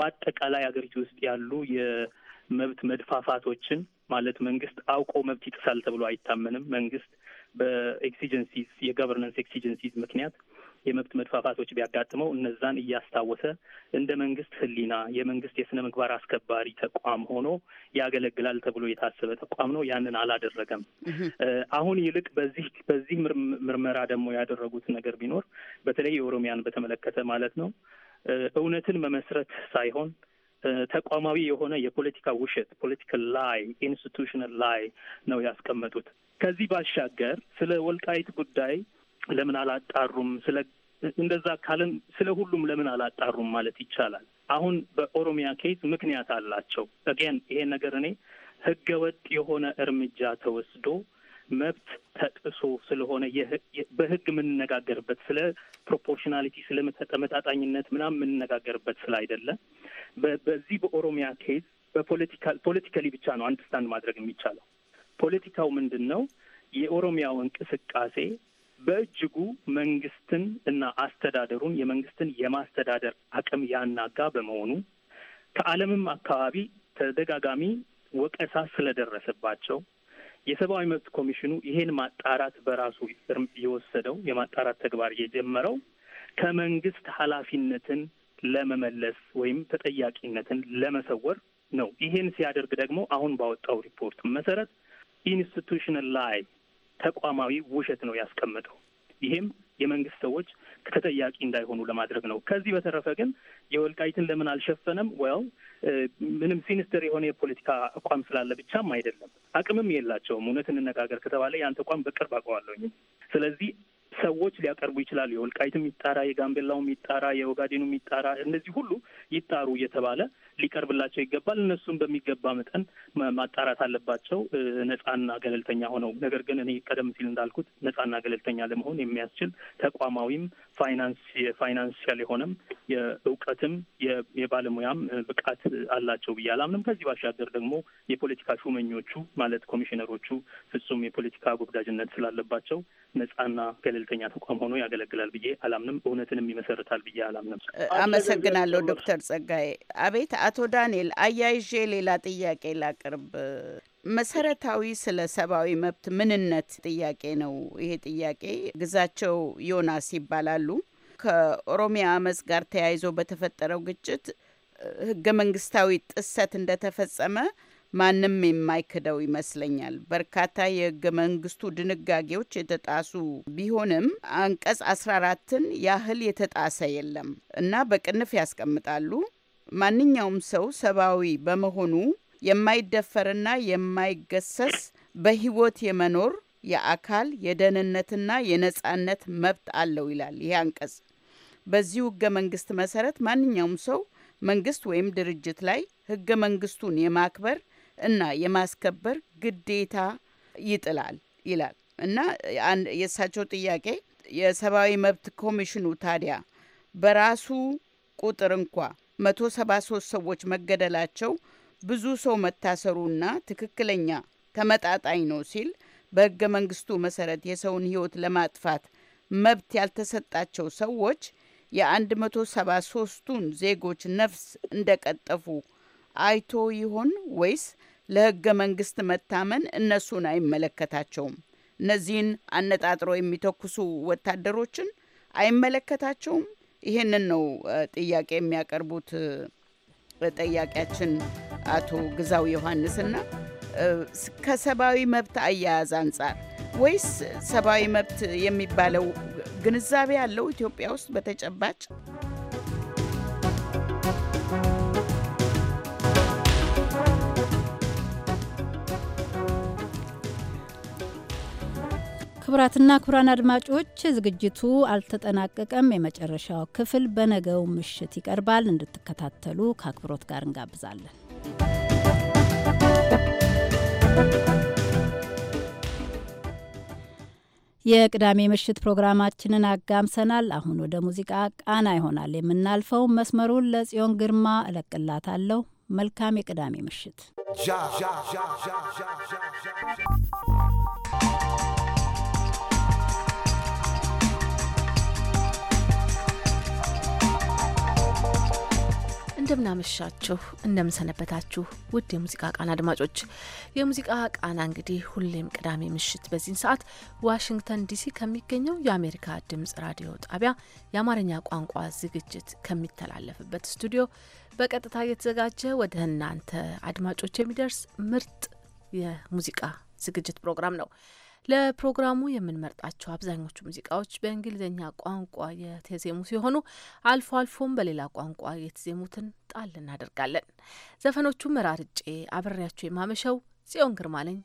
በአጠቃላይ ሀገሪቱ ውስጥ ያሉ የመብት መድፋፋቶችን ማለት መንግስት አውቆ መብት ይጥሳል ተብሎ አይታመንም። መንግስት በኤክሲጀንሲዝ የገቨርነንስ ኤክሲጀንሲዝ ምክንያት የመብት መድፋፋቶች ቢያጋጥመው እነዛን እያስታወሰ እንደ መንግስት ህሊና የመንግስት የስነ ምግባር አስከባሪ ተቋም ሆኖ ያገለግላል ተብሎ የታሰበ ተቋም ነው። ያንን አላደረገም። አሁን ይልቅ በዚህ በዚህ ምርመራ ደግሞ ያደረጉት ነገር ቢኖር በተለይ የኦሮሚያን በተመለከተ ማለት ነው እውነትን መመስረት ሳይሆን ተቋማዊ የሆነ የፖለቲካ ውሸት ፖለቲካል ላይ ኢንስቲቱሽናል ላይ ነው ያስቀመጡት። ከዚህ ባሻገር ስለ ወልቃይት ጉዳይ ለምን አላጣሩም? ስለ እንደዛ ካለን ስለ ሁሉም ለምን አላጣሩም ማለት ይቻላል። አሁን በኦሮሚያ ኬዝ ምክንያት አላቸው። አገን ይሄ ነገር እኔ ህገ ወጥ የሆነ እርምጃ ተወስዶ መብት ተጥሶ ስለሆነ በህግ የምንነጋገርበት ስለ ፕሮፖርሽናሊቲ ስለ ተመጣጣኝነት ምናምን የምንነጋገርበት ስላይደለ በዚህ በኦሮሚያ ኬዝ በፖለቲካል ፖለቲካሊ ብቻ ነው አንድስታንድ ማድረግ የሚቻለው። ፖለቲካው ምንድን ነው? የኦሮሚያው እንቅስቃሴ በእጅጉ መንግስትን እና አስተዳደሩን የመንግስትን የማስተዳደር አቅም ያናጋ በመሆኑ ከዓለምም አካባቢ ተደጋጋሚ ወቀሳ ስለደረሰባቸው የሰብአዊ መብት ኮሚሽኑ ይሄን ማጣራት በራሱ የወሰደው የማጣራት ተግባር የጀመረው ከመንግስት ኃላፊነትን ለመመለስ ወይም ተጠያቂነትን ለመሰወር ነው። ይሄን ሲያደርግ ደግሞ አሁን ባወጣው ሪፖርት መሰረት ኢንስቲቱሽናል ላይ ተቋማዊ ውሸት ነው ያስቀመጠው። ይህም የመንግስት ሰዎች ተጠያቂ እንዳይሆኑ ለማድረግ ነው። ከዚህ በተረፈ ግን የወልቃይትን ለምን አልሸፈነም? ወያው ምንም ሲኒስተር የሆነ የፖለቲካ አቋም ስላለ ብቻም አይደለም፣ አቅምም የላቸውም። እውነት እንነጋገር ከተባለ የአንተ ተቋም በቅርብ አውቀዋለሁኝ። ስለዚህ ሰዎች ሊያቀርቡ ይችላሉ። የወልቃይትም ይጣራ፣ የጋምቤላውም ይጣራ፣ የኦጋዴኑም ይጣራ፣ እነዚህ ሁሉ ይጣሩ እየተባለ ሊቀርብላቸው ይገባል። እነሱም በሚገባ መጠን ማጣራት አለባቸው ነጻና ገለልተኛ ሆነው። ነገር ግን እኔ ቀደም ሲል እንዳልኩት ነጻና ገለልተኛ ለመሆን የሚያስችል ተቋማዊም ፋይናንስ የፋይናንሻል የሆነም የእውቀትም የባለሙያም ብቃት አላቸው ብዬ አላምንም። ከዚህ ባሻገር ደግሞ የፖለቲካ ሹመኞቹ ማለት ኮሚሽነሮቹ ፍጹም የፖለቲካ ጎብዳጅነት ስላለባቸው ነጻና ገለልተኛ ተቋም ሆኖ ያገለግላል ብዬ አላምንም። እውነትንም ይመሰርታል ብዬ አላምንም። አመሰግናለሁ ዶክተር ጸጋዬ። አቤት አቶ ዳንኤል አያይዤ ሌላ ጥያቄ ላቅርብ። መሰረታዊ ስለ ሰብአዊ መብት ምንነት ጥያቄ ነው። ይሄ ጥያቄ ግዛቸው ዮናስ ይባላሉ። ከኦሮሚያ አመፅ ጋር ተያይዞ በተፈጠረው ግጭት ህገ መንግስታዊ ጥሰት እንደተፈጸመ ማንም የማይክደው ይመስለኛል። በርካታ የህገ መንግስቱ ድንጋጌዎች የተጣሱ ቢሆንም አንቀጽ 14ን ያህል የተጣሰ የለም እና በቅንፍ ያስቀምጣሉ። ማንኛውም ሰው ሰብአዊ በመሆኑ የማይደፈርና የማይገሰስ በህይወት የመኖር የአካል የደህንነትና የነጻነት መብት አለው ይላል ይህ አንቀጽ። በዚሁ ህገ መንግስት መሰረት ማንኛውም ሰው መንግስት ወይም ድርጅት ላይ ህገ መንግስቱን የማክበር እና የማስከበር ግዴታ ይጥላል ይላል እና የእሳቸው ጥያቄ የሰብአዊ መብት ኮሚሽኑ ታዲያ በራሱ ቁጥር እንኳ 173 ሰዎች መገደላቸው ብዙ ሰው መታሰሩና ትክክለኛ ተመጣጣኝ ነው ሲል በሕገ መንግስቱ መሰረት የሰውን ሕይወት ለማጥፋት መብት ያልተሰጣቸው ሰዎች የ173ቱን ዜጎች ነፍስ እንደቀጠፉ አይቶ ይሆን ወይስ ለሕገ መንግስት መታመን እነሱን አይመለከታቸውም? እነዚህን አነጣጥሮ የሚተኩሱ ወታደሮችን አይመለከታቸውም? ይህንን ነው ጥያቄ የሚያቀርቡት ጠያቂያችን። አቶ ግዛው ዮሐንስና ከሰብአዊ መብት አያያዝ አንጻር ወይስ ሰብአዊ መብት የሚባለው ግንዛቤ ያለው ኢትዮጵያ ውስጥ በተጨባጭ ክቡራትና ክቡራን አድማጮች ዝግጅቱ አልተጠናቀቀም። የመጨረሻው ክፍል በነገው ምሽት ይቀርባል። እንድትከታተሉ ከአክብሮት ጋር እንጋብዛለን። የቅዳሜ ምሽት ፕሮግራማችንን አጋምሰናል። አሁን ወደ ሙዚቃ ቃና ይሆናል የምናልፈው። መስመሩን ለጽዮን ግርማ እለቅላታለሁ። መልካም የቅዳሜ ምሽት እንደምናመሻችሁ እንደምንሰነበታችሁ ውድ የሙዚቃ ቃና አድማጮች፣ የሙዚቃ ቃና እንግዲህ ሁሌም ቅዳሜ ምሽት በዚህን ሰዓት ዋሽንግተን ዲሲ ከሚገኘው የአሜሪካ ድምጽ ራዲዮ ጣቢያ የአማርኛ ቋንቋ ዝግጅት ከሚተላለፍበት ስቱዲዮ በቀጥታ እየተዘጋጀ ወደ እናንተ አድማጮች የሚደርስ ምርጥ የሙዚቃ ዝግጅት ፕሮግራም ነው። ለፕሮግራሙ የምንመርጣቸው አብዛኞቹ ሙዚቃዎች በእንግሊዝኛ ቋንቋ የተዜሙ ሲሆኑ አልፎ አልፎም በሌላ ቋንቋ የተዜሙትን ጣል እናደርጋለን። ዘፈኖቹ መራርጬ አብሬያቸው የማመሸው ጽዮን ግርማ ነኝ።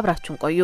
አብራችሁን ቆዩ።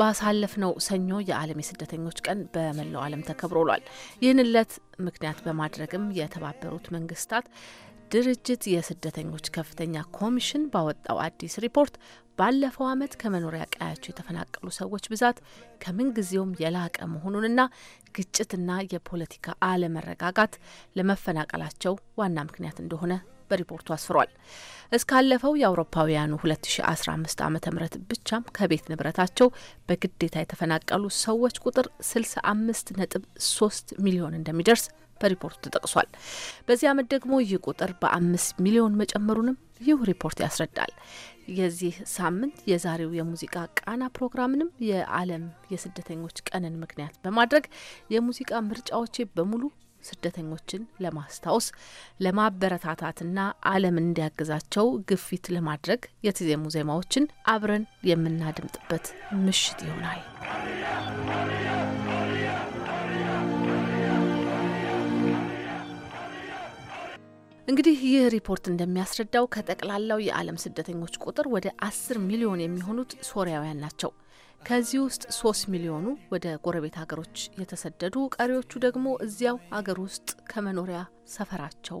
ባሳለፍነው ሰኞ የዓለም የስደተኞች ቀን በመላው ዓለም ተከብሮ ውሏል። ይህን ዕለት ምክንያት በማድረግም የተባበሩት መንግስታት ድርጅት የስደተኞች ከፍተኛ ኮሚሽን ባወጣው አዲስ ሪፖርት ባለፈው ዓመት ከመኖሪያ ቀያቸው የተፈናቀሉ ሰዎች ብዛት ከምንጊዜውም የላቀ መሆኑንና ግጭትና የፖለቲካ አለመረጋጋት ለመፈናቀላቸው ዋና ምክንያት እንደሆነ በሪፖርቱ አስፍሯል። እስካለፈው የአውሮፓውያኑ 2015 ዓ ም ብቻም ከቤት ንብረታቸው በግዴታ የተፈናቀሉ ሰዎች ቁጥር 65.3 ሚሊዮን እንደሚደርስ በሪፖርቱ ተጠቅሷል። በዚህ ዓመት ደግሞ ይህ ቁጥር በአምስት ሚሊዮን መጨመሩንም ይህ ሪፖርት ያስረዳል። የዚህ ሳምንት የዛሬው የሙዚቃ ቃና ፕሮግራምንም የዓለም የስደተኞች ቀንን ምክንያት በማድረግ የሙዚቃ ምርጫዎቼ በሙሉ ስደተኞችን ለማስታወስ ለማበረታታትና ዓለም እንዲያግዛቸው ግፊት ለማድረግ የተዜሙ ዜማዎችን አብረን የምናደምጥበት ምሽት ይሆናል። እንግዲህ ይህ ሪፖርት እንደሚያስረዳው ከጠቅላላው የዓለም ስደተኞች ቁጥር ወደ አስር ሚሊዮን የሚሆኑት ሶሪያውያን ናቸው። ከዚህ ውስጥ ሶስት ሚሊዮኑ ወደ ጎረቤት ሀገሮች የተሰደዱ ቀሪዎቹ ደግሞ እዚያው ሀገር ውስጥ ከመኖሪያ ሰፈራቸው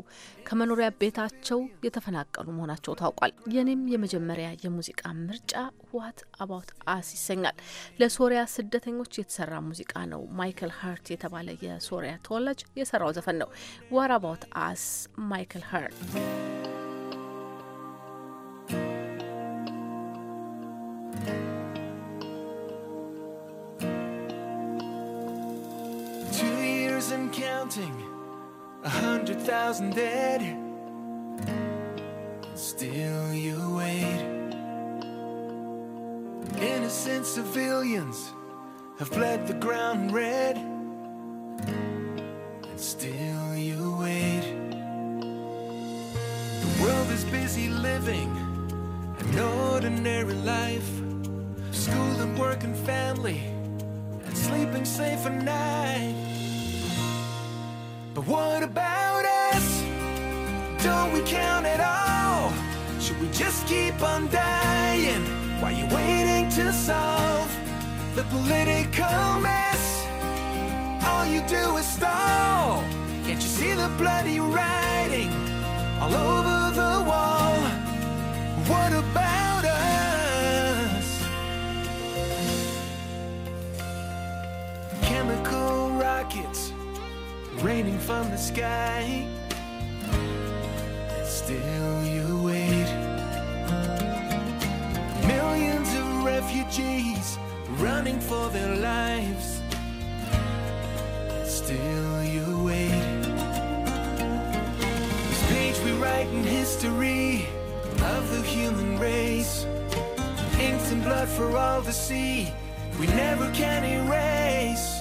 ከመኖሪያ ቤታቸው የተፈናቀሉ መሆናቸው ታውቋል። የኔም የመጀመሪያ የሙዚቃ ምርጫ ዋት አባውት አስ ይሰኛል። ለሶሪያ ስደተኞች የተሰራ ሙዚቃ ነው። ማይክል ሀርት የተባለ የሶሪያ ተወላጅ የሰራው ዘፈን ነው። ዋት አባውት አስ ማይክል ሀርት counting a hundred thousand dead. Still, you wait. Innocent civilians have bled the ground red. And still, you wait. The world is busy living an ordinary life. School and work and family, and sleeping safe at night. But what about us? Don't we count at all? Should we just keep on dying? Why you waiting to solve the political mess? All you do is stall. Can't you see the bloody writing all over the wall? What about us? Chemical rockets raining from the sky. And still you wait. Millions of refugees running for their lives. And still you wait. This page we write in history of the human race. Inks and blood for all to see. We never can erase.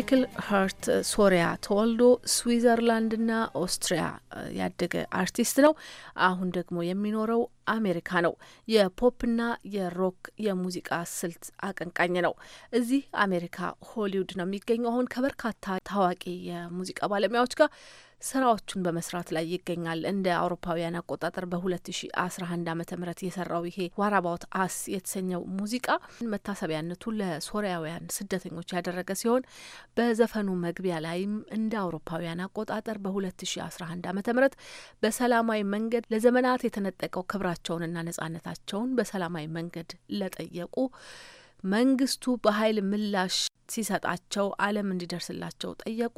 ማይክል ሀርት ሶሪያ ተወልዶ ስዊዘርላንድና ኦስትሪያ ያደገ አርቲስት ነው። አሁን ደግሞ የሚኖረው አሜሪካ ነው። የፖፕና የሮክ የሙዚቃ ስልት አቀንቃኝ ነው። እዚህ አሜሪካ ሆሊውድ ነው የሚገኘው። አሁን ከበርካታ ታዋቂ የሙዚቃ ባለሙያዎች ጋር ስራዎቹን በመስራት ላይ ይገኛል። እንደ አውሮፓውያን አቆጣጠር በ2011 ዓ ም የሰራው ይሄ ዋራባውት አስ የተሰኘው ሙዚቃ መታሰቢያነቱ ለሶሪያውያን ስደተኞች ያደረገ ሲሆን በዘፈኑ መግቢያ ላይም እንደ አውሮፓውያን አቆጣጠር በ2011 ዓ ም በሰላማዊ መንገድ ለዘመናት የተነጠቀው ክብራቸውንና ነጻነታቸውን በሰላማዊ መንገድ ለጠየቁ መንግስቱ በኃይል ምላሽ ሲሰጣቸው ዓለም እንዲደርስላቸው ጠየቁ፣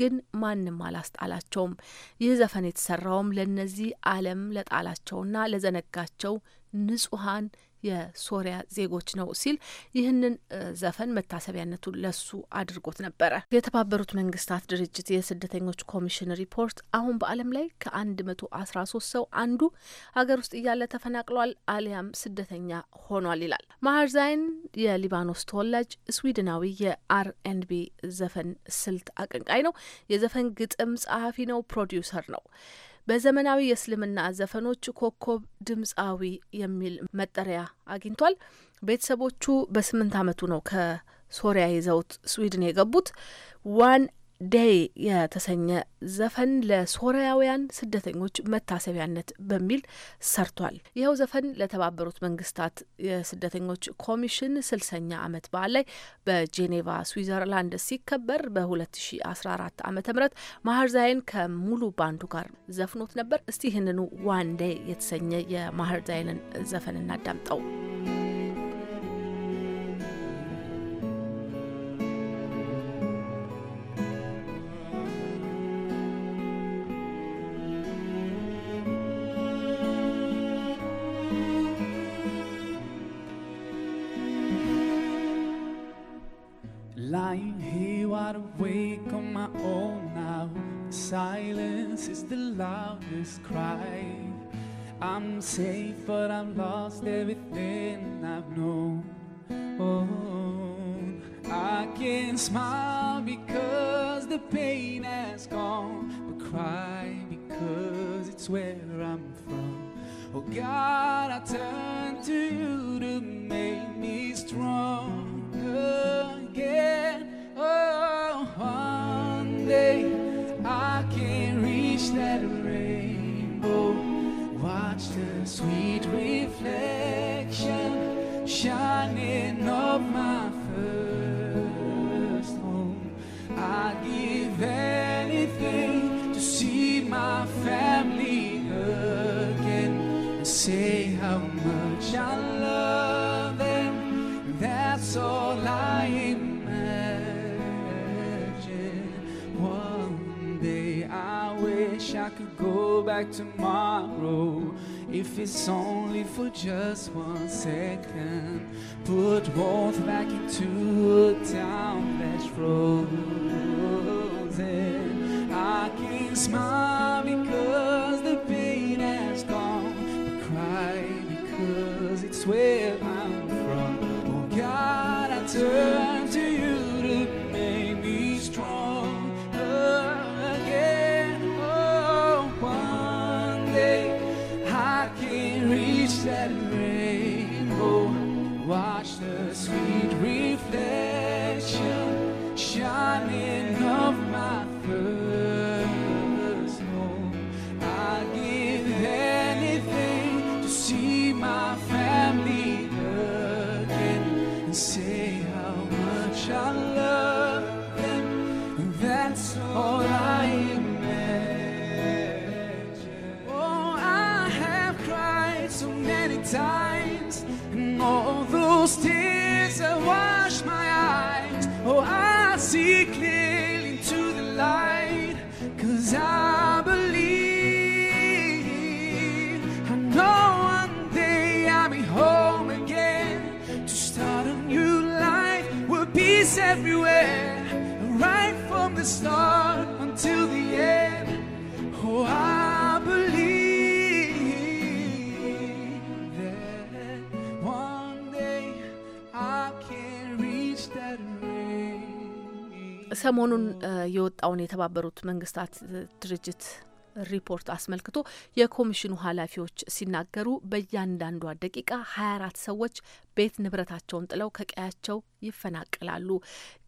ግን ማንም አላስጣላቸውም። ይህ ዘፈን የተሰራውም ለእነዚህ ዓለም ለጣላቸውና ለዘነጋቸው ንጹሐን የሶሪያ ዜጎች ነው ሲል ይህንን ዘፈን መታሰቢያነቱ ለሱ አድርጎት ነበረ። የተባበሩት መንግስታት ድርጅት የስደተኞች ኮሚሽን ሪፖርት አሁን በዓለም ላይ ከአንድ መቶ አስራ ሶስት ሰው አንዱ ሀገር ውስጥ እያለ ተፈናቅሏል አሊያም ስደተኛ ሆኗል ይላል። ማህርዛይን የሊባኖስ ተወላጅ ስዊድናዊ የአር ቢ ዘፈን ስልት አቀንቃይ ነው። የዘፈን ግጥም ጸሐፊ ነው። ፕሮዲውሰር ነው። በዘመናዊ የእስልምና ዘፈኖች ኮከብ ድምፃዊ የሚል መጠሪያ አግኝቷል። ቤተሰቦቹ በስምንት ዓመቱ ነው ከሶሪያ ይዘውት ስዊድን የገቡት ዋን ዴይ የተሰኘ ዘፈን ለሶሪያውያን ስደተኞች መታሰቢያነት በሚል ሰርቷል። ይኸው ዘፈን ለተባበሩት መንግስታት የስደተኞች ኮሚሽን ስልሰኛ ዓመት በዓል ላይ በጄኔቫ ስዊዘርላንድ ሲከበር በ2014 ዓ ም ማህርዛይን ከሙሉ ባንዱ ጋር ዘፍኖት ነበር። እስቲ ይህንኑ ዋን የተሰኘ የማህርዛይንን ዘፈን እናዳምጠው። silence is the loudest cry. I'm safe, but I've lost everything I've known. Oh, I can smile because the pain has gone, but cry because it's where I'm from. Oh God, I turn to you to make me strong again. Oh, one day. the a sweet reflection shining of my first home. I'd give anything to see my family again and say how much I love them. That's all I imagine. One day I wish I could go back tomorrow if it's only for just one second. Put warmth back into a town that's frozen. I can smile because the pain has gone, but cry because it's where I'm from. Oh God, I turn. the start until the end. Oh, I believe that one day I can reach that range. ሰሞኑን የወጣውን የተባበሩት መንግስታት ድርጅት ሪፖርት አስመልክቶ የኮሚሽኑ ኃላፊዎች ሲናገሩ በእያንዳንዷ ደቂቃ 24 ሰዎች ቤት ንብረታቸውን ጥለው ከቀያቸው ይፈናቀላሉ።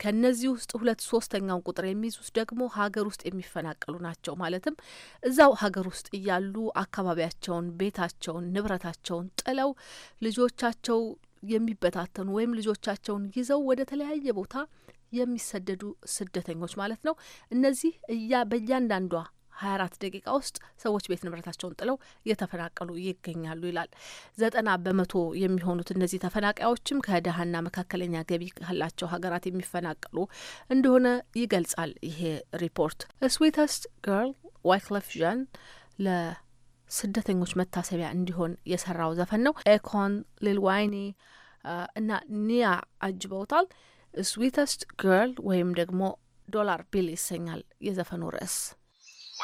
ከእነዚህ ውስጥ ሁለት ሶስተኛውን ቁጥር የሚይዙት ደግሞ ሀገር ውስጥ የሚፈናቀሉ ናቸው። ማለትም እዛው ሀገር ውስጥ እያሉ አካባቢያቸውን፣ ቤታቸውን፣ ንብረታቸውን ጥለው ልጆቻቸው የሚበታተኑ ወይም ልጆቻቸውን ይዘው ወደ ተለያየ ቦታ የሚሰደዱ ስደተኞች ማለት ነው። እነዚህ እያ በእያንዳንዷ ሀያ አራት ደቂቃ ውስጥ ሰዎች ቤት ንብረታቸውን ጥለው እየተፈናቀሉ ይገኛሉ ይላል። ዘጠና በመቶ የሚሆኑት እነዚህ ተፈናቃዮችም ከደሀና መካከለኛ ገቢ ካላቸው ሀገራት የሚፈናቀሉ እንደሆነ ይገልጻል ይሄ ሪፖርት። ስዊተስት ገርል ዋይክለፍ ዣን ለስደተኞች መታሰቢያ እንዲሆን የሰራው ዘፈን ነው። ኤኮን ሊልዋይኒ uh, እና ኒያ አጅበውታል። ስዊተስት ገርል ወይም ደግሞ ዶላር ቢል ይሰኛል የዘፈኑ ርዕስ።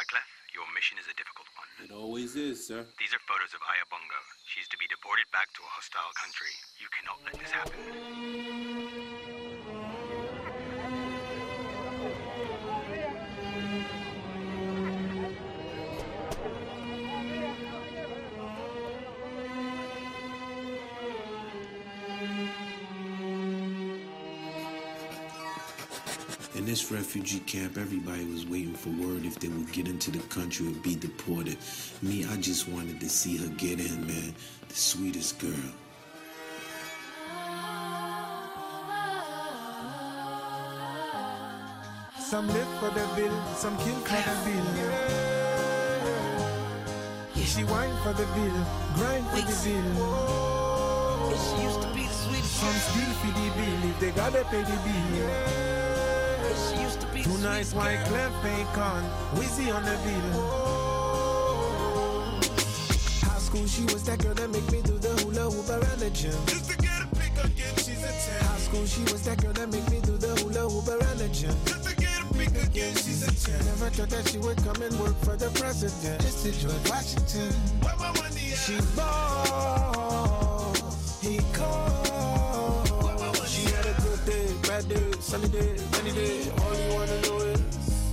Wyclef, your mission is a difficult one. It always is, sir. These are photos of Aya Bungo. She's to be deported back to a hostile country. You cannot let this happen. this refugee camp, everybody was waiting for word if they would get into the country or be deported. Me, I just wanted to see her get in, man. The sweetest girl. Some live for the bill, some kill for the bill. Yeah. She whine for the bill, grind for the bill. Whoa. She used to be the sweetest. Some steal for the bill if they gotta pay the bill. Yeah. Two nice White Cliff ain't gone. Wheezy on the beat. Oh. High school, she was that girl that make me do the hula hoop around the gym. Just to get a pick on she's a 10. High school, she was that girl that make me do the hula hoop around the gym. Just to get a pick again, she's a 10. Never thought that she would come and work for the president. Just to George Washington. Where my money at? She ball, he called sunny day, any day. All you wanna know is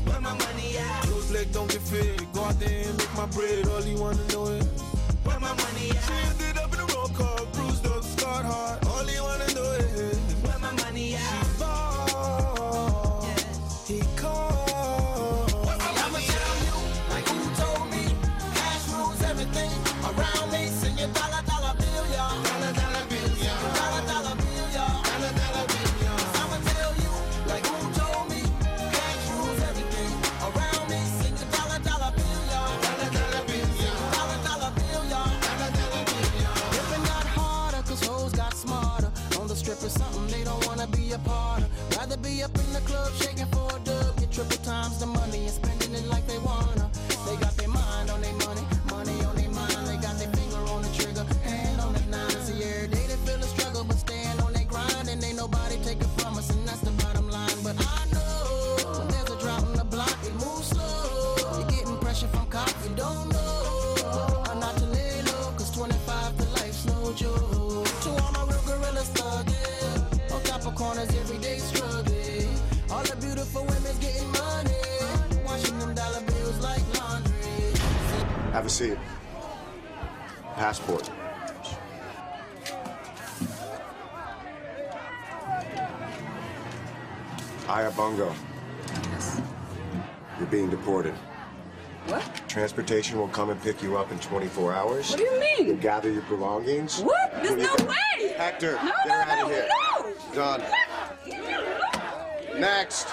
where my money at. Close leg, don't get fit. Go out there and make my bread. All you wanna know is where my money at. Have a seat. Passport. Ayabongo. Yes. You're being deported. What? Transportation will come and pick you up in 24 hours. What do you mean? You gather your belongings. What? There's no go. way! Hector, no, get no, out no, of here. No! Done. Next!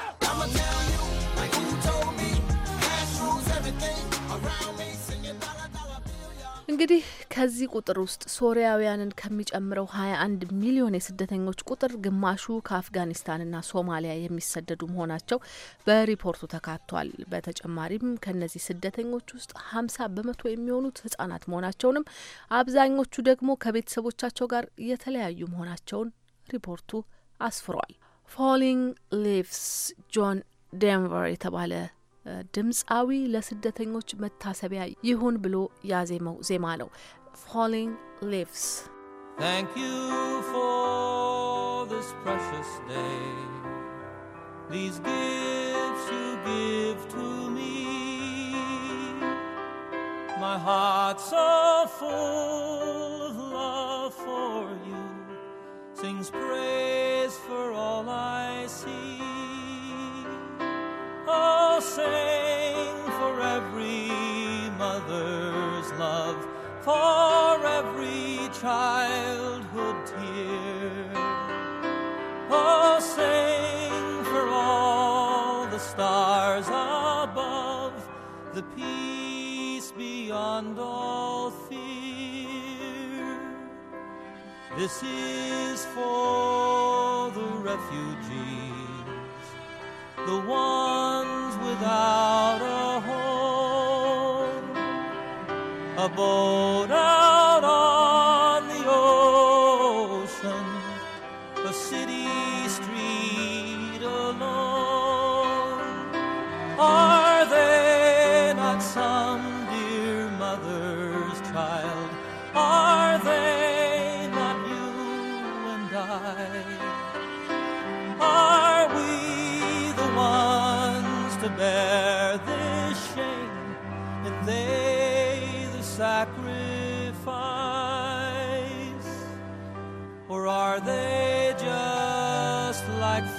እንግዲህ ከዚህ ቁጥር ውስጥ ሶሪያውያንን ከሚጨምረው 21 ሚሊዮን የስደተኞች ቁጥር ግማሹ ከአፍጋኒስታንና ሶማሊያ የሚሰደዱ መሆናቸው በሪፖርቱ ተካቷል። በተጨማሪም ከነዚህ ስደተኞች ውስጥ 50 በመቶ የሚሆኑት ህጻናት መሆናቸውንም አብዛኞቹ ደግሞ ከቤተሰቦቻቸው ጋር የተለያዩ መሆናቸውን ሪፖርቱ አስፍሯል። ፎሊንግ ሊቭስ ጆን ዴንቨር የተባለ ድምፃዊ ለስደተኞች መታሰቢያ ይሁን ብሎ ያዜመው ዜማ ነው Falling Leaves Thank you for this precious day These gifts you give to me My heart's so full of love for you Sings praise for all I see all sing for every mother's love, for every childhood tear. Oh, sing for all the stars above, the peace beyond all fear. This is for the refugees the one without a home, abode.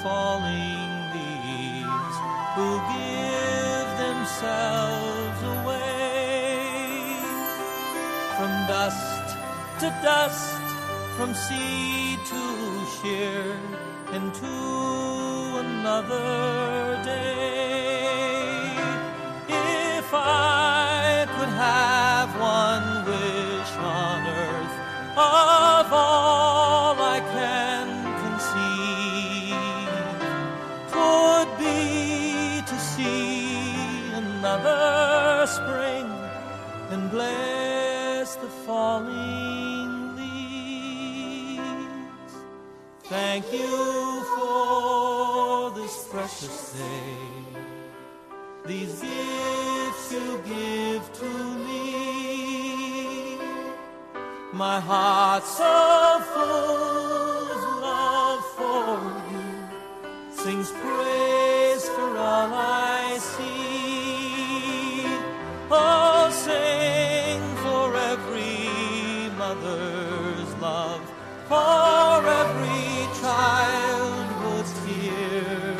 falling leaves who give themselves away from dust to dust, from sea to sheer, and to another day. If I could have one wish on earth of all. you for this precious day, these gifts you give to me. My heart so full of love for you sings praise for all I see. Oh, sing for every mother's love for every child would here.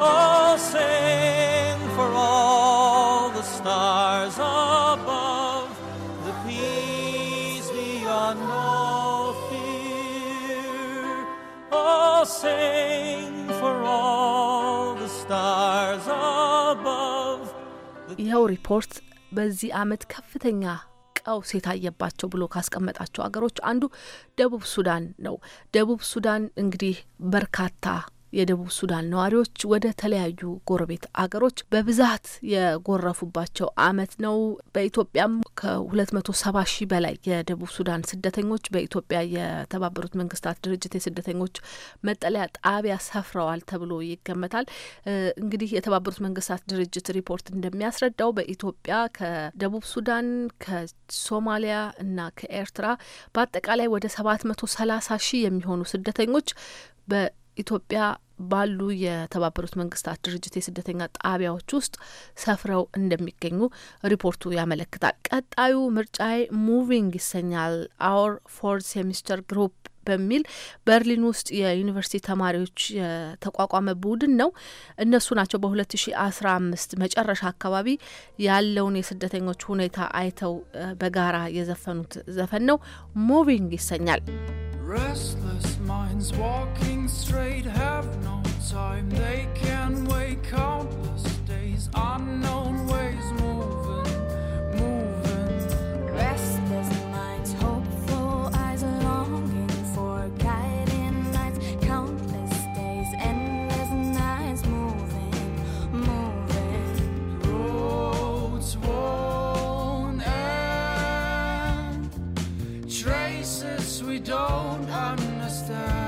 Oh, sing for all the stars above, the peace beyond all fear. Oh, sing for all the stars above. The... ይኸው ሪፖርት በዚህ ዓመት ከፍተኛ ቀውስ የታየባቸው ብሎ ካስቀመጣቸው ሀገሮች አንዱ ደቡብ ሱዳን ነው። ደቡብ ሱዳን እንግዲህ በርካታ የደቡብ ሱዳን ነዋሪዎች ወደ ተለያዩ ጎረቤት አገሮች በብዛት የጎረፉባቸው አመት ነው። በኢትዮጵያም ከ ሰባ ሺህ በላይ የደቡብ ሱዳን ስደተኞች በኢትዮጵያ የተባበሩት መንግስታት ድርጅት የስደተኞች መጠለያ ጣቢያ ሰፍረዋል ተብሎ ይገመታል። እንግዲህ የተባበሩት መንግስታት ድርጅት ሪፖርት እንደሚያስረዳው በኢትዮጵያ ከደቡብ ሱዳን፣ ከሶማሊያ እና ከኤርትራ በአጠቃላይ ወደ 7መቶ ሰላሳ ሺህ የሚሆኑ ስደተኞች በ ኢትዮጵያ ባሉ የተባበሩት መንግስታት ድርጅት የስደተኛ ጣቢያዎች ውስጥ ሰፍረው እንደሚገኙ ሪፖርቱ ያመለክታል። ቀጣዩ ምርጫዬ ሙቪንግ ይሰኛል። አወር ፎር ሴሚስተር ግሩፕ በሚል በርሊን ውስጥ የዩኒቨርሲቲ ተማሪዎች የተቋቋመ ቡድን ነው። እነሱ ናቸው በ2015 መጨረሻ አካባቢ ያለውን የስደተኞች ሁኔታ አይተው በጋራ የዘፈኑት ዘፈን ነው። ሙቪንግ ይሰኛል። Restless minds walking straight have no time. They can wait countless days, unknown ways. time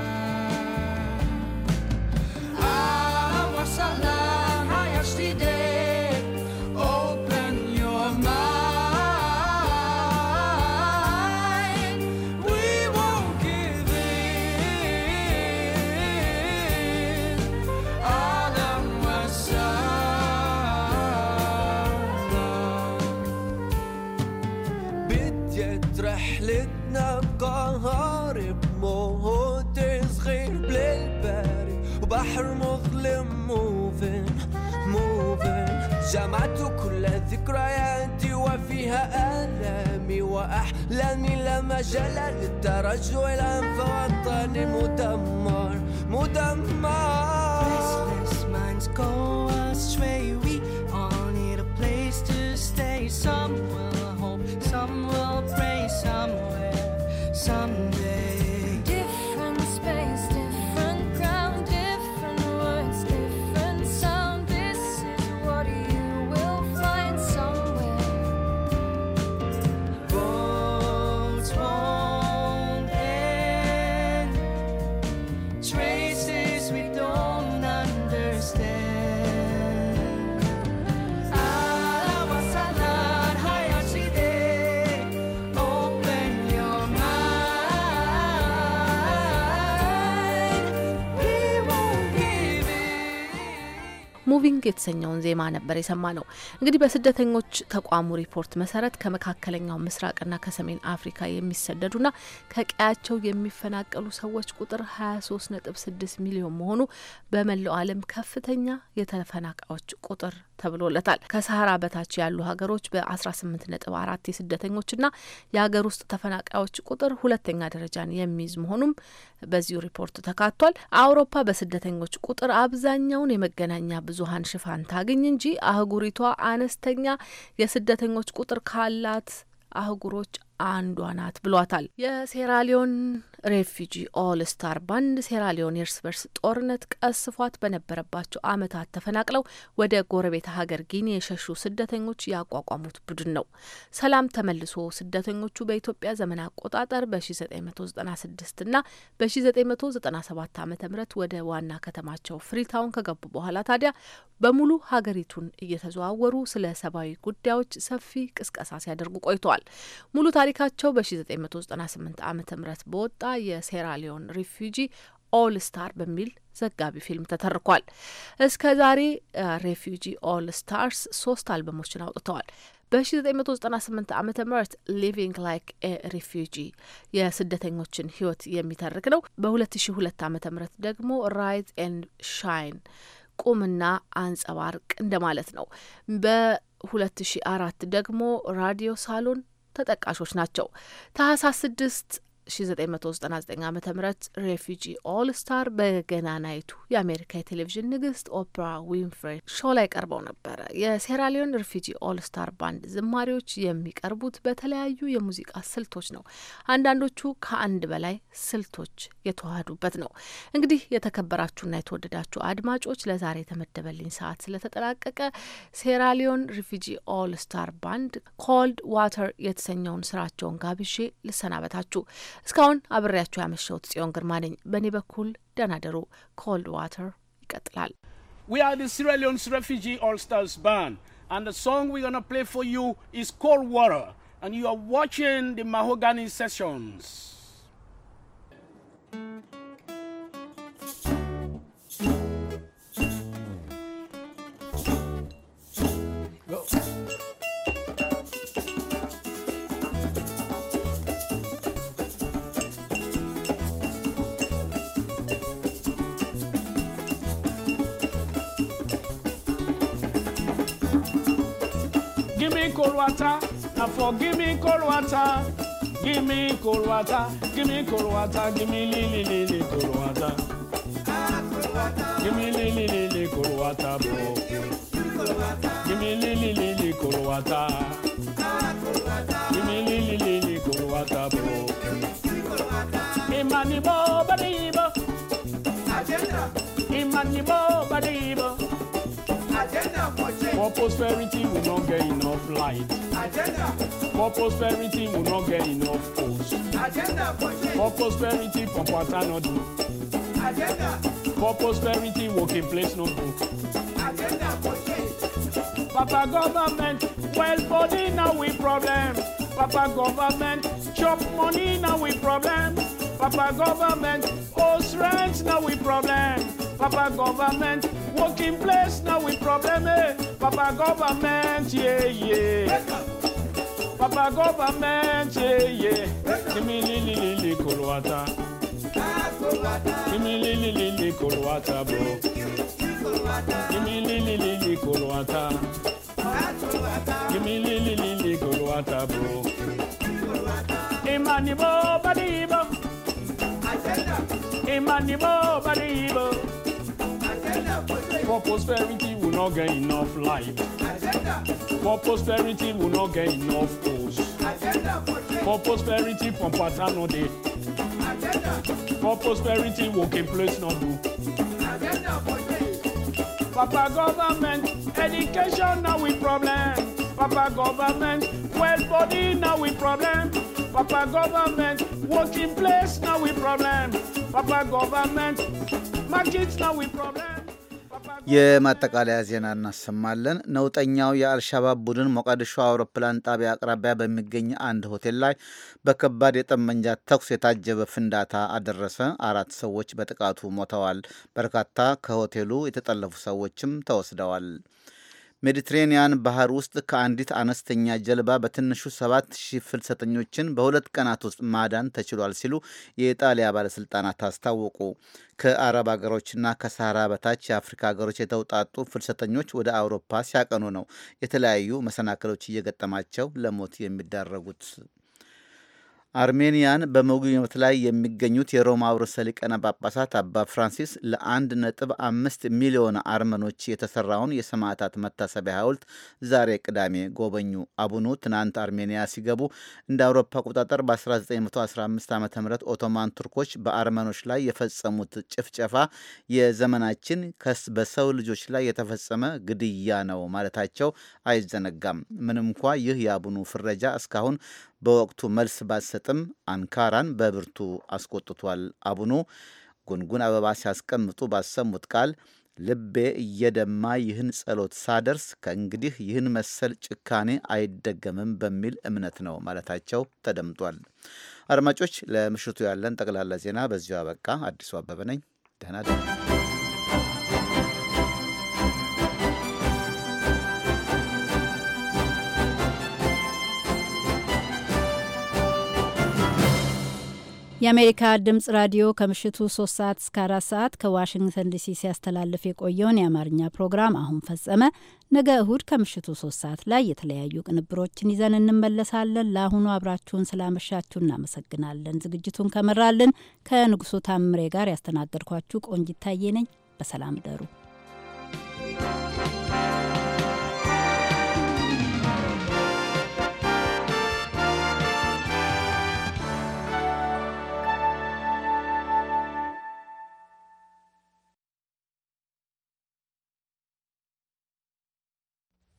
لأني لما مجال للترجل أنف وطني مدمر مدمر ሙቪንግ የተሰኘውን ዜማ ነበር የሰማ ነው። እንግዲህ በስደተኞች ተቋሙ ሪፖርት መሰረት ከመካከለኛው ምስራቅና ከሰሜን አፍሪካ የሚሰደዱና ከቀያቸው የሚፈናቀሉ ሰዎች ቁጥር 23.6 ሚሊዮን መሆኑ በመላው ዓለም ከፍተኛ የተፈናቃዮች ቁጥር ተብሎለታል። ከሰሀራ በታች ያሉ ሀገሮች በ18 ነጥብ አራት የስደተኞችና የሀገር ውስጥ ተፈናቃዮች ቁጥር ሁለተኛ ደረጃን የሚይዝ መሆኑም በዚሁ ሪፖርት ተካቷል። አውሮፓ በስደተኞች ቁጥር አብዛኛውን የመገናኛ ብዙሀን ሽፋን ታግኝ እንጂ አህጉሪቷ አነስተኛ የስደተኞች ቁጥር ካላት አህጉሮች አንዷ ናት ብሏታል። የሴራሊዮን ሬፊጂ ኦል ስታር ባንድ ሴራሊዮን የእርስ በርስ ጦርነት ቀስፏት በነበረባቸው ዓመታት ተፈናቅለው ወደ ጎረቤት ሀገር ጊኒ የሸሹ ስደተኞች ያቋቋሙት ቡድን ነው። ሰላም ተመልሶ ስደተኞቹ በኢትዮጵያ ዘመን አቆጣጠር በ1996 እና በ1997 ዓ ም ወደ ዋና ከተማቸው ፍሪታውን ከገቡ በኋላ ታዲያ በሙሉ ሀገሪቱን እየተዘዋወሩ ስለ ሰብአዊ ጉዳዮች ሰፊ ቅስቀሳ ሲያደርጉ ቆይተዋል። ሙሉ ታሪካቸው በ1998 ዓ ም በወጣ የሴራሊዮን ሪፊጂ ኦል ስታር በሚል ዘጋቢ ፊልም ተተርኳል። እስከ ዛሬ ሬፊጂ ኦል ስታርስ ሶስት አልበሞችን አውጥተዋል። በ1998 ዓ ም ሊቪንግ ላይክ ኤ ሪፊጂ የስደተኞችን ህይወት የሚተርክ ነው። በ2002 ዓ ም ደግሞ ራይዝ ኤንድ ሻይን ቁምና አንጸባርቅ እንደማለት ነው። በ2004 ደግሞ ራዲዮ ሳሎን ተጠቃሾች ናቸው። ታህሳስ ስድስት 1999 ዓ ም ሬፊጂ ኦል ስታር በገናናይቱ የአሜሪካ የቴሌቪዥን ንግስት ኦፕራ ዊንፍሬ ሾው ላይ ቀርበው ነበረ። የሴራሊዮን ሬፊጂ ኦል ስታር ባንድ ዝማሪዎች የሚቀርቡት በተለያዩ የሙዚቃ ስልቶች ነው። አንዳንዶቹ ከአንድ በላይ ስልቶች የተዋህዱበት ነው። እንግዲህ የተከበራችሁና የተወደዳችሁ አድማጮች ለዛሬ የተመደበልኝ ሰዓት ስለተጠናቀቀ ሴራሊዮን ሬፊጂ ኦል ስታር ባንድ ኮልድ ዋተር የተሰኘውን ስራቸውን ጋብዤ ልሰናበታችሁ። እስካሁን አብሬያችሁ ያመሸሁት ጽዮን ግርማ ነኝ። በእኔ በኩል ኮልድ ዋተር ይቀጥላል። We are the Sierra Leone's Refugee All Stars Band, and the song we're going to play for you is Cold Water, and you are watching the Mahogany Sessions. cold water. Now for give me cold water. Give me cold water. Give me cold water. Give me lily lily cold water. Give me lily lily cold water, bro. Give me lily lily cold water. Give me lily lily cold water, bro. Imani bo badibo. Imani bo badibo. For prosperity do not get enough light. For prosperity do not get enough post. For prosperity, for no do. For prosperity, working place no do. Papa government, well body now we problem. Papa government, chop money now we problem. Papa government, house rent now we problem. Papa government, working place now we problem. Eh? Papa government, yeah yeah. Papa government, yeah yeah. Kimi li li li li kolwata. Kimi li li li li kolwata bro. Kimi li li li li kolwata. Kimi li li li li kolwata bro. Imani bo badi bo money more, money For prosperity we not get enough life. For prosperity we not get enough pose. For prosperity from no day. For prosperity working place not do. Papa government, education now we problem. Papa government, well body now we problem. Papa government, working place now we problem. የማጠቃለያ ዜና እናሰማለን። ነውጠኛው የአልሻባብ ቡድን ሞቃዲሾ አውሮፕላን ጣቢያ አቅራቢያ በሚገኝ አንድ ሆቴል ላይ በከባድ የጠመንጃ ተኩስ የታጀበ ፍንዳታ አደረሰ። አራት ሰዎች በጥቃቱ ሞተዋል። በርካታ ከሆቴሉ የተጠለፉ ሰዎችም ተወስደዋል። ሜዲትሬንያን ባህር ውስጥ ከአንዲት አነስተኛ ጀልባ በትንሹ ሰባት ሺህ ፍልሰተኞችን በሁለት ቀናት ውስጥ ማዳን ተችሏል ሲሉ የኢጣሊያ ባለሥልጣናት አስታወቁ። ከአረብ ሀገሮችና ከሳህራ በታች የአፍሪካ ሀገሮች የተውጣጡ ፍልሰተኞች ወደ አውሮፓ ሲያቀኑ ነው የተለያዩ መሰናክሎች እየገጠማቸው ለሞት የሚዳረጉት። አርሜኒያን በመጉብኘት ላይ የሚገኙት የሮማ ርዕሰ ሊቃነ ጳጳሳት አባ ፍራንሲስ ለአንድ ነጥብ አምስት ሚሊዮን አርመኖች የተሰራውን የሰማዕታት መታሰቢያ ሐውልት ዛሬ ቅዳሜ ጎበኙ። አቡኑ ትናንት አርሜኒያ ሲገቡ እንደ አውሮፓ አቆጣጠር በ1915 ዓ ም ኦቶማን ቱርኮች በአርመኖች ላይ የፈጸሙት ጭፍጨፋ የዘመናችን ከስ በሰው ልጆች ላይ የተፈጸመ ግድያ ነው ማለታቸው አይዘነጋም። ምንም እንኳ ይህ የአቡኑ ፍረጃ እስካሁን በወቅቱ መልስ ባሰጥም አንካራን በብርቱ አስቆጥቷል። አቡኑ ጉንጉን አበባ ሲያስቀምጡ ባሰሙት ቃል ልቤ እየደማ ይህን ጸሎት ሳደርስ ከእንግዲህ ይህን መሰል ጭካኔ አይደገምም በሚል እምነት ነው ማለታቸው ተደምጧል። አድማጮች፣ ለምሽቱ ያለን ጠቅላላ ዜና በዚሁ አበቃ። አዲሱ አበበ ነኝ። ደህና የአሜሪካ ድምጽ ራዲዮ ከምሽቱ 3 ሰዓት እስከ 4 ሰዓት ከዋሽንግተን ዲሲ ሲያስተላልፍ የቆየውን የአማርኛ ፕሮግራም አሁን ፈጸመ። ነገ እሁድ ከምሽቱ 3 ሰዓት ላይ የተለያዩ ቅንብሮችን ይዘን እንመለሳለን። ለአሁኑ አብራችሁን ስላመሻችሁ እናመሰግናለን። ዝግጅቱን ከመራልን ከንጉሱ ታምሬ ጋር ያስተናገድኳችሁ ቆንጂት ታዬ ነኝ። በሰላም ደሩ።